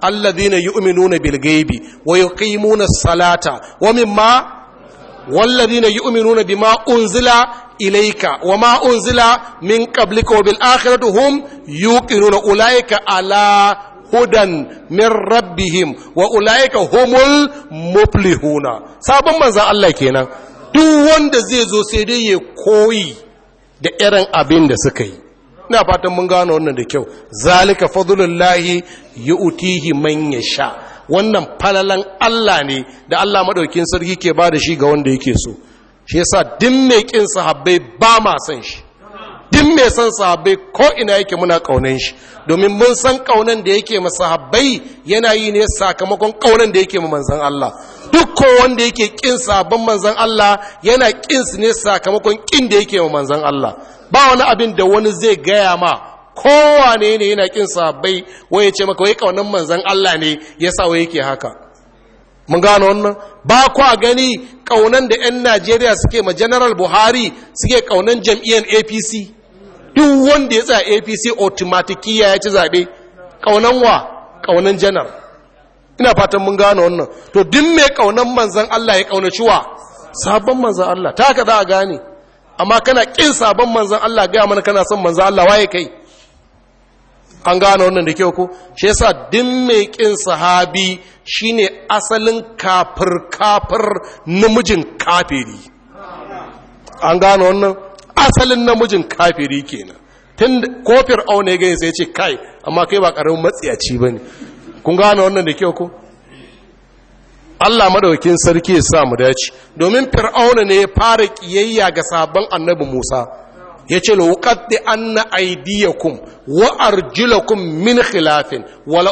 Allah zina yu'minuna bil ghaibi wa yuqimuna as-salata wa mimma والذين يؤمنون بما أنزل إليك وما أنزل من قبلك وبالآخرة هم يوقنون أولئك على هدى من ربهم وأولئك هم المفلحون sabon manzan Allah kenan duk wanda zai zo sai dai ya koyi da irin abin da suka yi ina fatan mun gano wannan da kyau zalika fadlullahi yu'tihi man sha. wannan falalan Allah ne da Allah maɗaukin sarki ke ba da shi ga wanda yake so shi yasa din mai ƙin sahabbai ba ma san shi din mai san sahabbai ko ina yake muna ƙaunan shi domin mun san ƙaunan da yake ma sahabbai yana yi ne sakamakon ƙaunan da yake ma manzan Allah duk wanda yake ƙin sabon manzan Allah yana ƙin su ne sakamakon ƙin da yake ma manzan Allah ba wani abin da wani zai gaya ma kowane ne yana kin sahabbai wai ya ce maka wai kaunan manzan Allah ne yasa wai yake haka mun gano wannan ba kwa gani kaunan da yan Najeriya suke ma General Buhari suke kaunan jam'iyyar APC duk wanda ya tsaya APC automatically ya ci zabe kaunan wa kaunan general? ina fatan mun gano wannan to duk mai kaunan manzan Allah ya kaunaci wa sabon manzan Allah ta ka za a gane amma kana kin sabon manzan Allah gaya mana kana son manzan Allah waye kai an gano wannan da kyau ko shi yasa din mai kin sahabi shine asalin kafir kafir namijin kafiri an gano wannan asalin namijin kafiri kenan tun kofir au ya gani sai ce kai amma kai ba karamin matsiyaci ne, kun gano wannan da kyau ko Allah madaukin sarki ya sa mu dace domin fir'auna ne ya fara kiyayya ga sabon annabi Musa ya ce lauƙaɗe an na aidiyakum wa kun min khilafin wala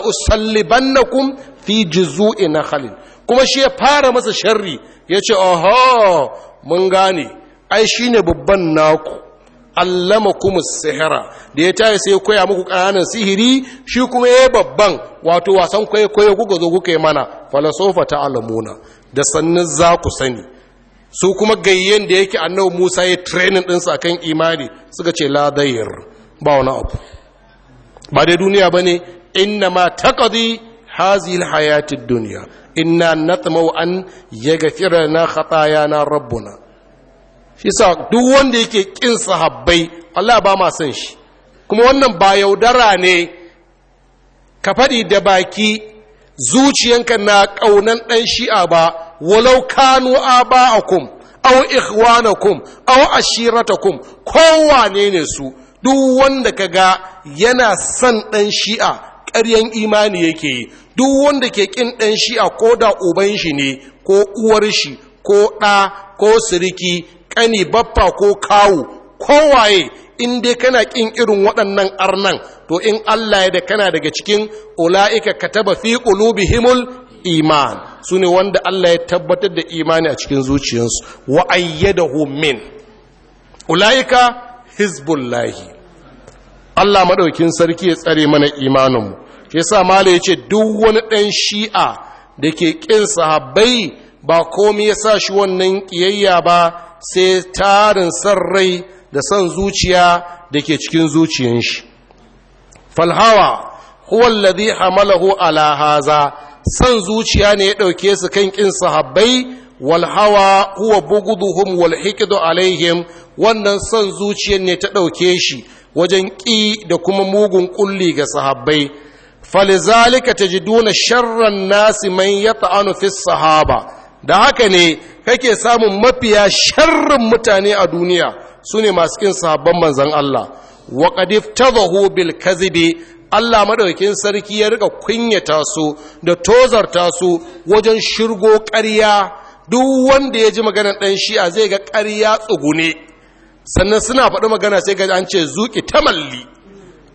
kun fi jizu'i na halin kuma shi ya fara masa sharri ya ce oho mun gane ai shi ne babban naku allama kuma sihira da ya tayi sai koya muku ƙananan sihiri shi kuma ya babban wato wasan kwaikwayo kuka zo kuka yi mana falasofa ta alamuna da sannin za ku sani su kuma gayyen da yake annabi Musa ya training din a kan imani suka ce la dayr ba wani abu ba dai duniya bane inna ma taqdi hazil duniya, dunya inna natmau an fira na khatayana rabbuna shi sa duk wanda yake kin sahabbai Allah ba ma san shi kuma wannan ba yaudara ne ka faɗi da baki zuciyanka na ƙaunan ɗan shi'a ba walau kanu aba'akum aw ikhwanakum aw ashiratakum kowane ne su duk wanda ka ga yana son ɗan shi'a ƙaryan imani yake yi duk wanda ke kin ɗan shi'a ko da uban shi ne ko uwar shi ko ɗa ko siriki ƙani baffa ko kawu kowaye in dai kana ƙin irin waɗannan arnan to in Allah ya da kana daga cikin ula'ika kataba fi qulubihimul iman su ne wanda Allah ya tabbatar da imani a cikin zuciyarsu wa ayyadahu min ulaika hizbullahi Allah maɗaukin sarki ya tsare mana imaninmu shi yasa mala yace duk wani ɗan shi'a da ke ƙin sahabbai ba komai ya sa shi wannan ƙiyayya ba sai tarin san rai da san zuciya da ke cikin zuciyar shi falhawa huwa alladhi hamalahu ala haza San zuciya ne ya ɗauke su kan ƙin sahabbai wal hawa huwa buguduhum wal hikidu alaihim wannan san zuciyar ne ta ɗauke shi wajen ƙi da kuma mugun ƙulli ga sahabbai falizalika tajiduna sharran nasi man yata'anu fi sahaba da haka ne kake samun mafiya sharrin mutane a duniya sune masu ƙin sahabban manzon Allah wa qad iftadahu bil kadhibi Allah madaukakin sarki ya rika kunyata su da tozarta su wajen shirgo ƙarya duk wanda ya ji maganar ɗan shi'a zai ga ƙarya tsugune sannan suna faɗi magana sai ga an ce zuki tamalli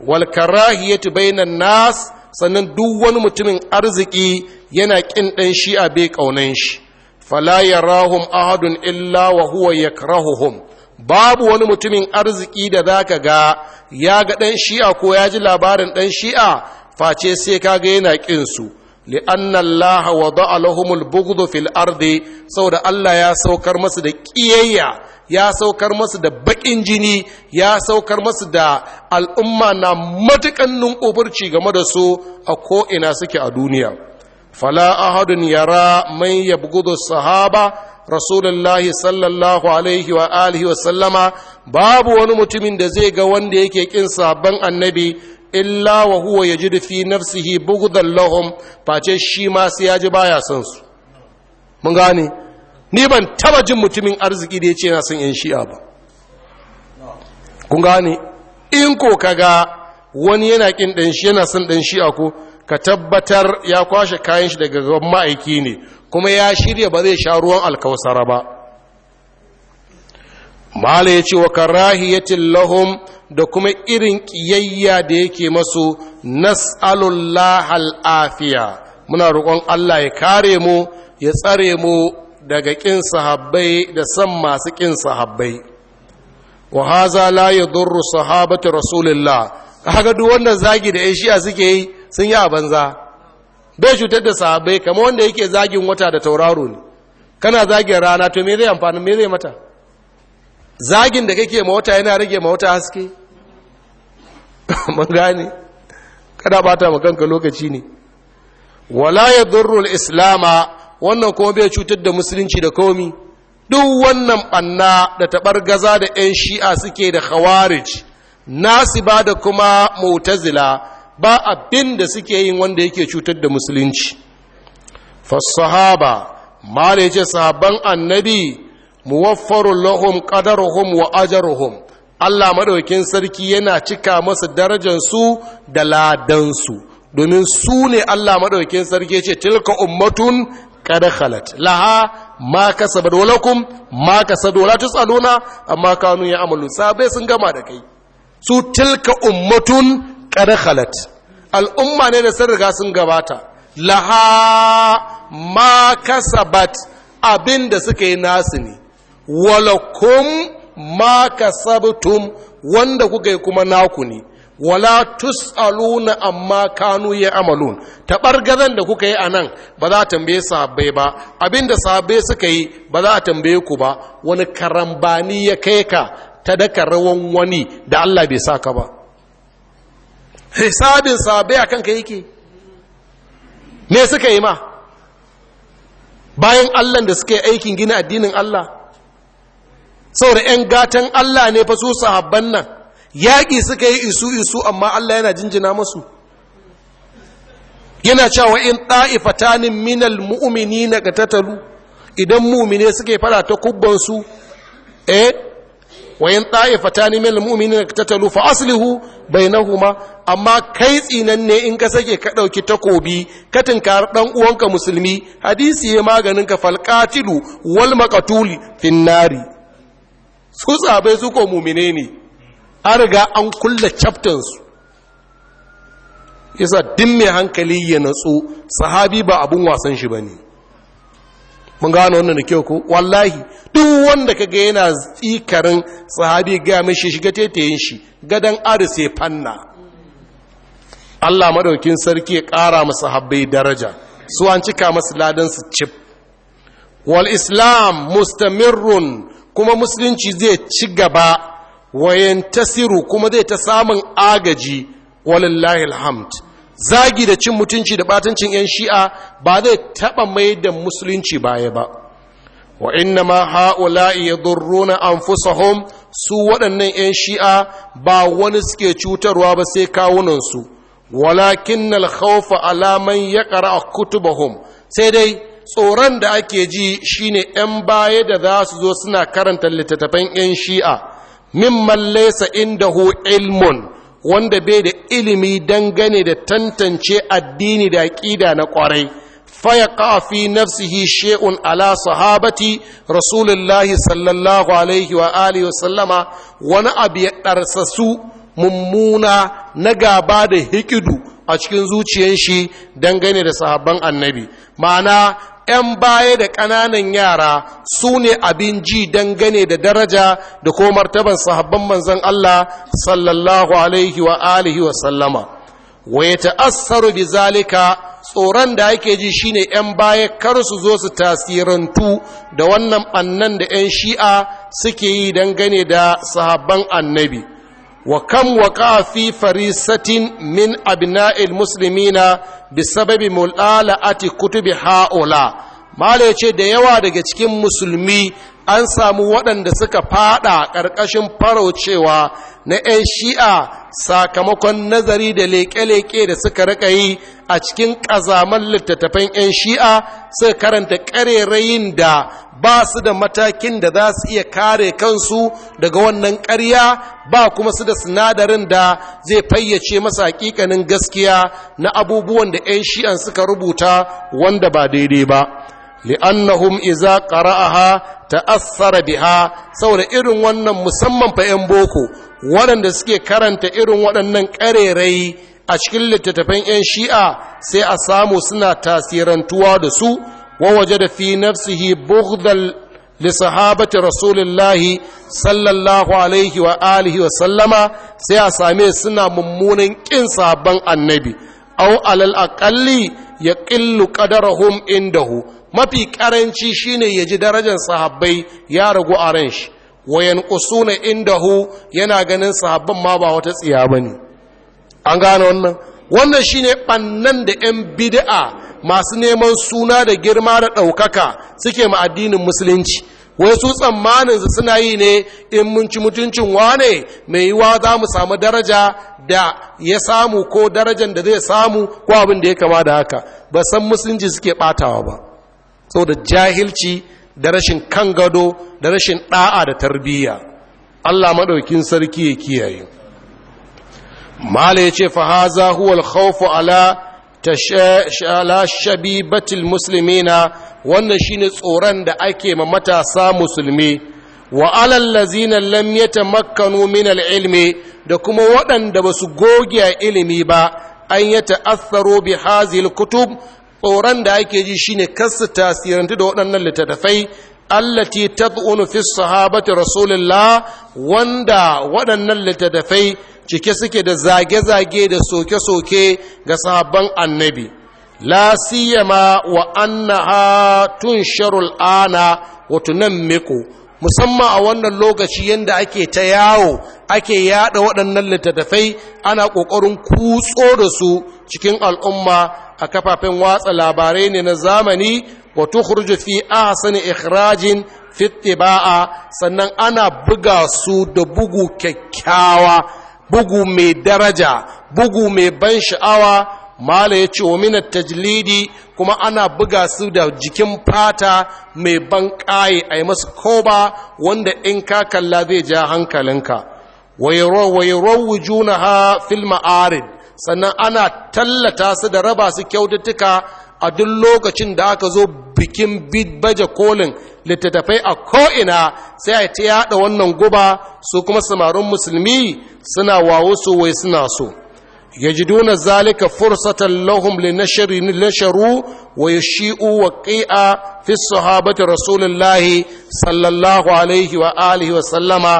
wal karahiyatu bainan nas sannan duk wani mutumin arziki yana ƙin ɗan shi'a bai ƙaunan shi fala yarahum ahadun illa wa huwa yakrahuhum babu wani mutumin arziki da za ka ga ya ga ɗan shi'a ko ya ji labarin ɗan shi'a face sai ka ga yana ƙinsu li'anna Allah wa lahumul bugudu fil ardi saboda Allah ya saukar masu da ƙiyayya ya saukar masu da baƙin jini ya saukar masu da al'umma na matukan nunkufurci game da su a ko'ina suke a duniya fala ahadun yara man yabghudu sahaba rasulullahi sallallahu alaihi wa alihi wa sallama babu wani mutumin da zai ga wanda yake kin sabon annabi illa wa huwa yajidu fi nafsihi bughdan lahum face shi ma sai ya baya son su mun gane ni ban taba jin mutumin arziki da yace yana son yan shi'a ba kun gane in ko kaga wani yana kin dan shi yana son dan shi'a ko ka tabbatar ya kwashe kayan shi daga gaban ma'aiki ne kuma ya shirya ba zai sha ruwan alkawasara ba mala ya ce wa karahiyatin lahum da kuma irin ƙiyayya da yake masu nas'alullah al'afiya muna roƙon Allah ya kare mu ya tsare mu daga ƙin sahabbai da san masu ƙin sahabbai wa haza la yadurru sahabatu rasulillah Ka duk wanda zagi da ƴan shi'a suke yi sun yi a banza bai cutar da sahabbai kamar wanda yake zagin wata da tauraro ne kana zagin rana to me zai amfani me zai mata zagin da kake ma wata yana rage ma wata haske <laughs> mun gane kada bata ma kanka lokaci ne wala yadurru al-islama wannan kuma bai cutar da musulunci da komi duk wannan banna da tabargaza da 'yan shi'a suke da khawarij nasiba da kuma mutazila ba abin da suke yin wanda yake cutar da musulunci fasahaba mala ce sahaban annabi muwaffarun lahum qadaruhum wa ajruhum Allah madaukin sarki yana cika masa darajansu da ladansu domin su ne Allah madaukin sarki ce tilka ummatun Kada khalat laha ma kasabat walakum ma kasadu la tusaluna amma kanu ya amalu sabai sun gama da kai su tilka ummatun ƙarƙalat al'umma ne da sun riga sun gabata laha ma kasabat abin da suka yi nasu ne walakum ma kasabtum wanda kuka yi kuma naku ne wala tus'aluna amma kanu ya amalun tabargazan da kuka yi a nan ba za a tambaye sahabbai ba abinda sahabbai suka yi ba za a tambaye ku ba wani karambani ya kai ka ta daka rawan wani da Allah bai sa ka ba hisabin sabai a kanka yake ne suka yi ma bayan allan da suka yi aikin gina addinin allah saboda 'yan gatan allah ne fa su sahabban nan yaƙi suka yi isu isu amma allah yana jinjina masu yana cewa in ɗa'ifatanin minal mu'umini na ga tattalu idan mumine suke fara ta kubbansu eh wa in muminin min almu'minina iktatalu fa aslihu bainahuma amma kai tsinan ne in ka sake ka dauki takobi ka tinkar dan uwanka musulmi hadisi ya maganin ka falqatilu wal maqtul fin nari su sabai su ko mu'mine ne an riga an kulle chapter su yasa dimme hankali ya natsu sahabi ba abun wasan shi bane mun gano wannan da kyau ko wallahi duk wanda kaga yana tsikarin sahabi ga mishi shiga tetayin shi gadan arise fanna Allah madaukin sarki ya ƙara masa habbai daraja su an cika masa ladan su chip wal islam mustamirrun kuma musulunci zai ci gaba wayan tasiru kuma zai ta samun agaji walillahi alhamd zagi da cin mutunci da batancin 'yan shi'a ba zai taɓa mai da musulunci baya ba wa inna ma ha'ula'i ya durruna an su waɗannan 'yan shi'a ba wani suke cutarwa ba sai kawunansu walakin alkhawfa alaman ya ƙara a kutubahum sai dai tsoron da ake ji shine 'yan baya da za su zo suna karanta littattafan 'yan shi'a Min mimman laysa indahu ilmun wanda bai da ilimi dangane da tantance addini da ƙida na ƙwarai. faya kafi nafsihi she'un ala sahabati rasulullahi sallallahu alaihi wa alihi wasallama wani abu ya ɗarsasu mummuna na gaba da hikidu a cikin zuciyar shi dangane da sahabban annabi ma'ana ‘yan baya da ƙananan yara su ne abin ji dangane da daraja da ko martaban sahabban manzan Allah sallallahu alaihi wa alihi wa sallama wa ya ta'assaru bi zalika tsoron da ake ji shine ‘yan baya kar su zo su tasirantu da wannan annan da ‘yan shi'a suke yi dangane da sahabban annabi wa kam waqa fi farisatin min abna'il muslimina bisababi mulala'ati kutubi haula mala yace da yawa daga cikin musulmi an samu waɗanda suka faɗa ƙarƙashin faraucewa na 'yan shi'a sakamakon nazari da leƙe-leƙe da suka rika yi a cikin ƙazaman littattafan 'yan shi'a suka karanta ƙarerayin da ba su da matakin da za su iya kare kansu daga wannan ƙarya ba kuma su da sinadarin da zai fayyace masa hakikanin gaskiya na abubuwan da 'yan shi'an suka rubuta wanda ba daidai ba li'annahum iza qara'aha ta'assara biha saboda irin wannan musamman fa 'yan boko waɗanda suke karanta irin waɗannan ƙarerai a cikin littattafan 'yan shi'a sai a samu suna tasirantuwa da su ووجد في نفسه بغضا لصحابة رسول الله صلى الله عليه وآله وسلم سيأسامي سنة ممون كن صحابا النبي أو على الأقل يقل قدرهم عنده ما في كارنشي شيني يجي درجة صحابي يارغو أرنش وينقصون عنده يناغن ganin ما ma سيابني wata tsiya bane an gane wannan wannan masu neman suna da girma da ɗaukaka suke ma addinin musulunci wai su tsammaninsu suna yi ne in munci mutuncin wane mai yiwa za mu samu daraja da ya samu ko darajan da zai samu ko abin da ya kama da haka ba san musulunci suke ɓatawa ba saboda jahilci da rashin kan gado da rashin ɗa'a da tarbiyya allah maɗaukin sarki ya kiyaye mala ya ce fahaza huwal khawfu ala tashala shabibatil Musulmina, wannan shine tsoron da ake ma matasa musulmi wa alal ladzina lam yatamakkanu min ilmi da kuma waɗanda basu goge ilimi ba an yata'assaru bi hazil kutub tsoron da ake ji shine kasu tasirantu da waɗannan littattafai allati tad'unu fi sahabati rasulullah wanda waɗannan littattafai cike suke da zage-zage da soke-soke ga sahabban annabi la siyama wa annaha tunsharu ana wa tunammiqu musamman a wannan lokaci yadda ake ta yawo ake yada waɗannan littattafai ana ƙoƙarin kutso da su cikin al'umma a kafafen watsa labarai ne na zamani wa tukhruju fi ahsani ikhrajin fi ittiba'a sannan ana buga su da bugu kyakkyawa bugu mai daraja bugu mai ban sha'awa mala ya ce wa minar tajlidi kuma ana buga su da jikin fata mai ban ƙaye a yi masu koba wanda in ka kalla zai ja hankalinka wairowar juna ha fil ma'arid sannan ana tallata su da raba su kyaututtuka a duk lokacin da aka zo bikin baje kolin littattafai a ko'ina sai a ta yada wannan guba su kuma samarin musulmi suna wawo su wai suna so ya ji duna zalika fursatan lahum li nasharu wa ya shi'u wa ƙi'a fi sahabata rasulullahi sallallahu alaihi wa alihi wa sallama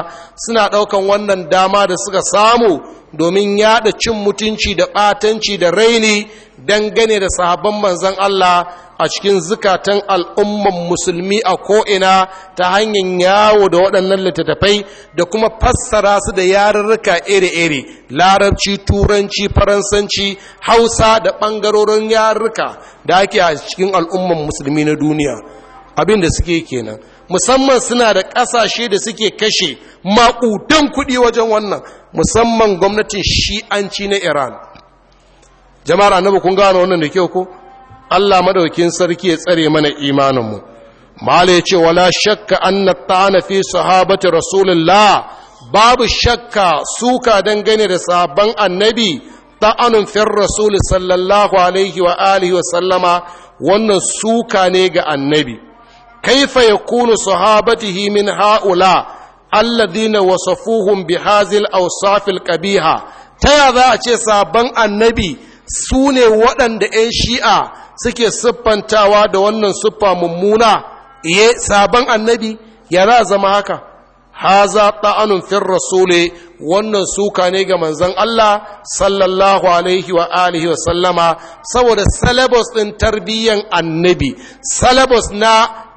suna ɗaukan wannan dama da suka samu domin yada cin mutunci da ɓatanci da raini dangane da sahabban manzan Allah a cikin zukatan al'umman musulmi a ko'ina ta hanyar yawo da waɗannan littattafai da kuma fassara su da yarurruka iri-iri larabci turanci faransanci hausa da ɓangarorin yarurruka da ake a cikin al'umman musulmi na duniya abin da suke kenan musamman suna da ƙasashe da suke kashe maƙudan kuɗi wajen wannan musamman gwamnatin shi'anci na iran jama'ar annabu kun gano wannan da kyau ko allah madaukin sarki ya tsare mana imaninmu mala ya ce wala shakka anna ta'ana fi sahabati rasulullah babu shakka suka dangane da sabon annabi ta'anun fir rasul sallallahu alaihi wa alihi wa sallama wannan suka ne ga annabi kaifa yakunu sahabatihi min haula Allah alladhina wasafuhum bihazil awsafil qabiha taya za a ce sabon annabi su ne waɗanda 'yan shi'a suke siffantawa da wannan siffa mummuna iye sabon annabi ya za zama haka haza ta'anun fin rasule wannan suka ne ga manzon Allah sallallahu alaihi wa alihi wa sallama saboda salabos ɗin tarbiyyan annabi salabos na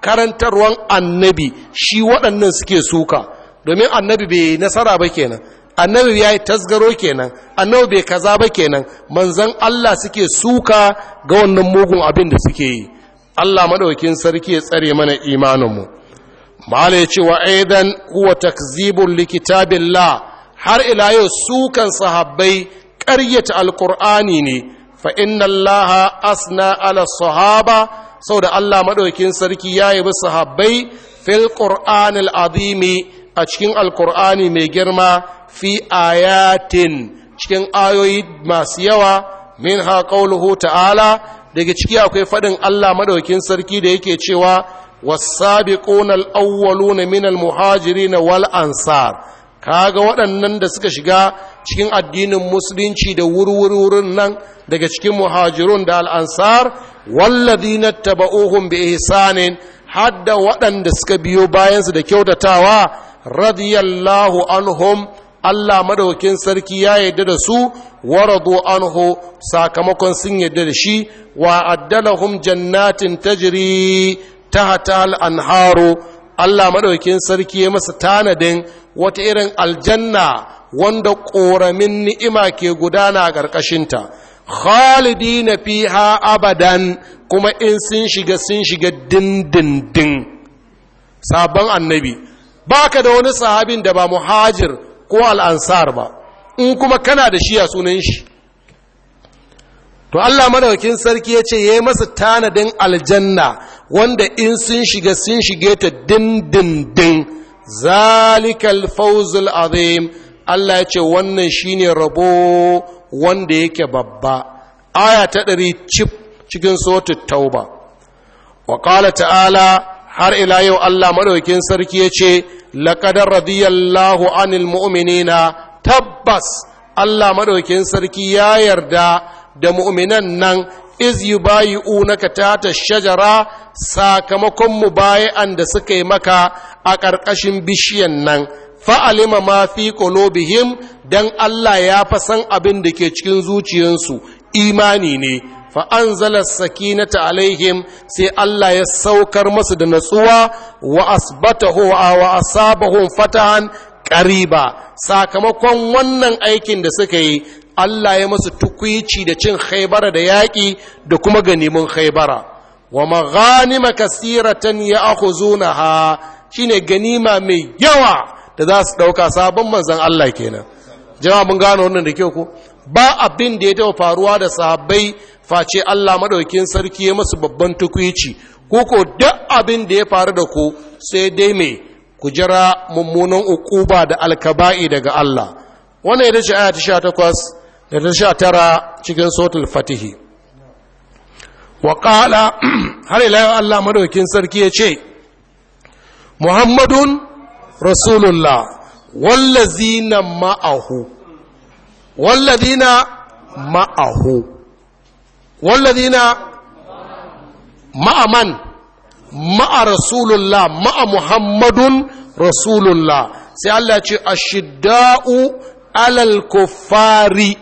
karantarwan annabi shi waɗannan suke suka domin annabi bai nasara ba kenan annabi ya yi tasgaro kenan annabi bai kaza ba kenan manzan Allah suke suka ga wannan mugun abin da suke yi Allah maɗaukin sarki ya tsare mana imaninmu mala ya ce wa aidan kuwa takzibun likitabin la har ila yau sukan sahabbai ƙaryata Alƙur'ani ne fa inna allaha asna ala sahaba Sau da Allah maɗaukin sarki ya yi bisa sahabbai fil qur'anil azimi a cikin Alƙur'ani mai girma fi ayatin cikin ayoyi masu yawa min ha ta'ala daga ciki akwai faɗin Allah maɗaukin sarki da yake cewa was-sabiquna awwalu na min al na wal-ansar ga waɗannan da suka shiga cikin addinin musulunci da wurwurwurin nan daga cikin muhajirun da al'ansar walladina taba'uhum bi ihsanin hadda waɗanda suka biyo bayansu da kyautatawa radiyallahu anhum Allah maɗaukin sarki ya yarda da su wa radu anhu sakamakon sun yarda da shi wa addalahum jannatin tajri tahta al-anharu Allah maɗaukin sarki ya masa tanadin wata irin aljanna wanda ƙoramin ni'ima ke gudana a ƙarƙashinta khalidina fiha abadan kuma in sun shiga sun shiga dindindin sabon annabi Ba ka da wani sahabin da ba muhajir ko al'ansar ba in kuma kana da shi a sunan shi to Allah madaukin sarki ya ce ya yi masa tanadin aljanna wanda in sun shiga sun shige ta dindindin zalikal fawzul azim Allah ya ce wannan shine rabo wanda yake babba aya ta ɗari cif cikin sotun tauba wa ƙala ta'ala har ila yau Allah maɗaukin sarki ya ce laƙadar radiyallahu anil mu'minina tabbas Allah maɗaukin sarki ya yarda da mu'minan nan iz ta ta shajara sakamakon mu mubayi'an da suka yi maka a ƙarƙashin bishiyan nan fa'alima ma fi ƙolobihim dan Allah ya fa san abin da ke cikin zuciyarsu imani ne fa saki sakinata alaihim sai Allah ya saukar masu da natsuwa wa asbatahu wa asabahum fatahan ƙariba. sakamakon wannan aikin da suka yi Allah ya masu tukwici da cin haibara da yaƙi da kuma ganimin haibara. wa maghanima kasiratan ya akhuzunaha shine ganima mai yawa da za su ɗauka sabon manzan Allah kenan jama mun gano wannan da kyau ko ba abin da ya taɓa faruwa da sahabbai face Allah madaukin sarki ya masu babban tukuici, ko ko duk abin da ya faru da ku sai dai me ku jira mummunan uquba da alkaba'i daga Allah wannan ita ce aya ta 18 da ta 19 cikin suratul fatihi wa qala <clears throat> har ila Allah madaukin sarki ya ce Muhammadun rasulullah wallazina ma'ahu wallazina ma'a rasulullah ma'a muhammadun rasulullah sai Allah ce ashidda'u alal kuffari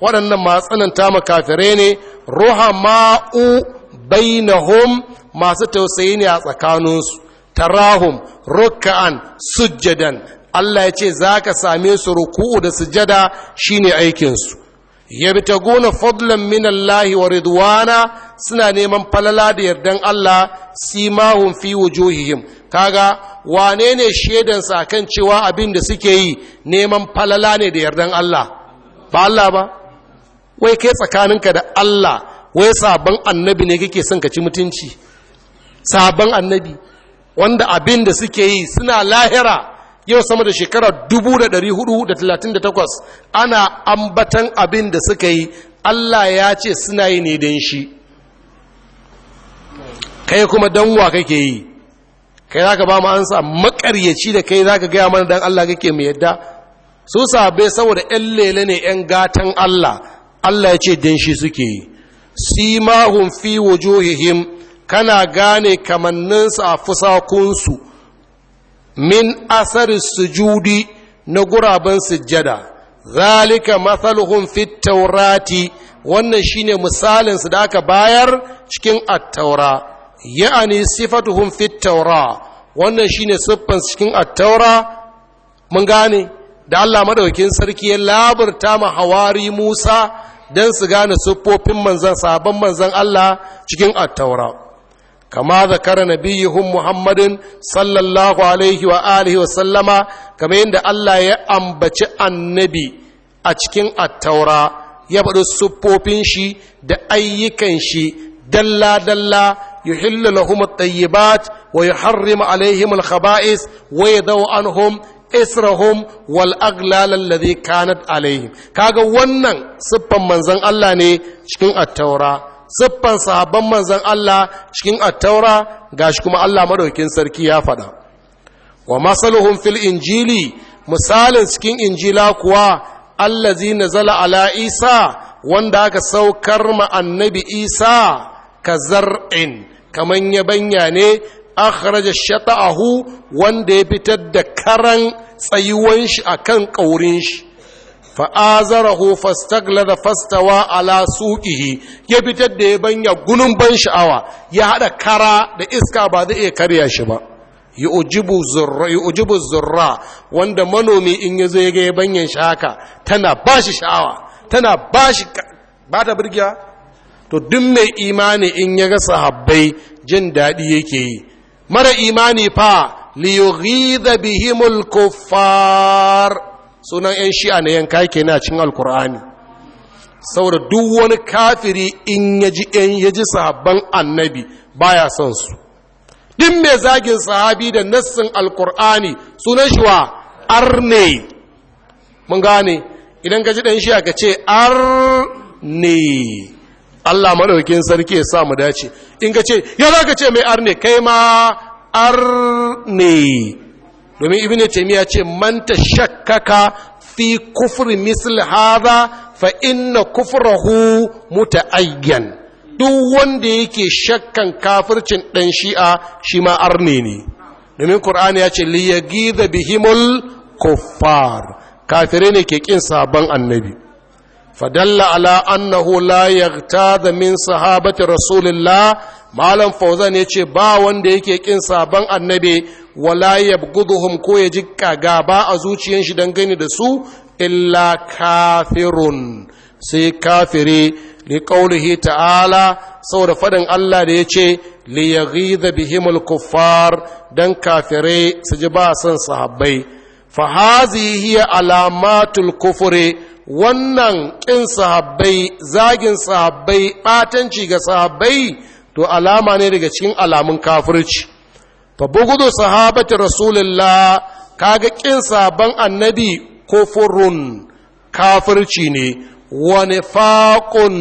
waɗannan matsananta tsananta makafirai ne ruhama'u bainahum masu tausayi ne a tsakaninsu tarahum rukka'an sujjadan Allah ya ce za ka same su ruku'u da sujjada shine aikinsu gona fadlan min Allah wa ridwana suna neman falala da yardan Allah simahum fi wujuhihim kaga wane ne shedan sa kan cewa abin da suke yi neman falala ne da yardan Allah ba Allah ba wai kai tsakaninka da Allah wai sabon annabi ne kake son ka ci mutunci sabon annabi wanda abin da suke yi suna lahira yau sama da shekara 438 ana ambatan abin da suka yi Allah ya ce suna yi ne don shi kai kuma don wa kake yi kai za ka ba mu ansa makaryaci da kai za ka gaya mana don Allah kake mai yadda su sabe saboda 'yan lele ne 'yan gatan Allah Allah ya ce don shi suke yi Si simahun fi wujuhihim kana gane kamanninsu a fusakunsu min asari sujudi na guraben sujada zalika mathaluhum fit taurati wannan shine misalin su da aka bayar cikin at-taura ya'ani sifatuhum fit taura wannan shine siffan cikin at mun gane da Allah madaukakin sarki ya laburta ma hawari Musa dan su gane siffofin manzan sabon manzan Allah cikin at-taura kama zakara nabiyuhum muhammadin sallallahu alaihi wa alihi wa sallama kamar yadda Allah ya ambaci annabi a cikin attaura ya faɗi siffofin shi da ayyukan shi dalla-dalla yuhillu lahum at-tayyibat wa yuharrimu alaihim al-khaba'is wa an anhum israhum wal aghlal alladhi kanat alaihim kaga wannan siffan manzon Allah ne cikin attaura siffan sahabban manzon Allah cikin attaura ga shi kuma Allah madaukin sarki ya faɗa wa masaluhun fil injili misalin cikin injila kuwa Allah zai nazala ala isa wanda aka saukar ma annabi isa ka zar'in kaman yabanya ne akhraja shata'ahu wanda ya fitar da karan tsayuwan shi akan ƙaurin shi fa'azarahu fastaglada fastawa ala suqihi ya fitar da ya banya gunun ban sha'awa ya haɗa kara da iska ba zai iya karya shi ba yu'jibu zurra zurra wanda manomi in yazo ya ga ya banyan shi haka tana bashi sha'awa tana ba ta burgiya to duk mai imani in ya ga sahabbai jin daɗi yake yi mara imani fa liyughidha bihimul kuffar sunan 'yan shi'a na yanka ke na cin alkur'ani saboda duk wani kafiri in ya ji 'yan ya ji sahabban annabi baya son su din mai zagin sahabi da nassin alkur'ani sunan shi wa arne mun gane idan ka ji ɗan shi'a ka ce arne Allah maɗaukin sarki ya sa mu dace in ka ce ya za ka ce mai arne kai ma arne domin ibn taymiya ce man shakkaka fi kufri misl hada fa inna kufrahu mutaayyan duk wanda yake shakkan kafircin dan shi'a shi ma arne ne domin qur'ani ya ce li yagiza bihimul kuffar kafire ne ke kin sabon annabi Fadalla Ala أنه لا يغتاد min صحابة rasulillah, malam fauzan ne ce ba wanda yake kin sabon annabi wala ya yabghuduhum ko ya ga ba a zuciyan shi gani da su illa kafirun sai kafiri li kaulihi ta'ala saboda fadin Allah da yace li yaghidha bihimul kuffar dan kafirai su ji ba san sahabbai fa hazihi hiya alamatul kufri wannan kin sahabbai zagin sahabbai batanci ga sahabbai to alama ne daga cikin alamun kafirci fa bugudu sahabati rasulullah kaga kin sabon annabi kofurun kafirci ne wa nifaqun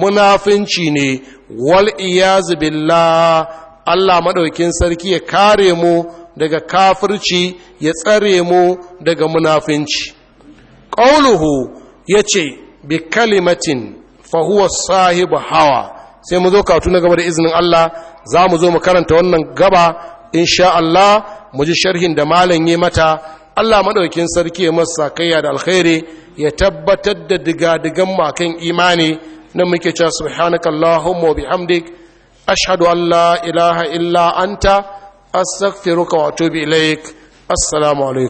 munafinci ne wal iyazu billah Allah madaukin sarki ya kare mu daga kafirci ya tsare mu daga munafinci qauluhu yace bi kalimatin fa huwa sahibu hawa sai mu zo katu na gaba da izinin Allah za mu zo mu karanta wannan gaba insha Allah mu ji sharhin da malam yi mata Allah madaukin sarki ya masa kayya da alkhairi ya tabbatar da diga-digan makan imani nan muke cewa subhanakallahumma wa bihamdik ashhadu an la ilaha illa anta astaghfiruka wa atubu ilaik assalamu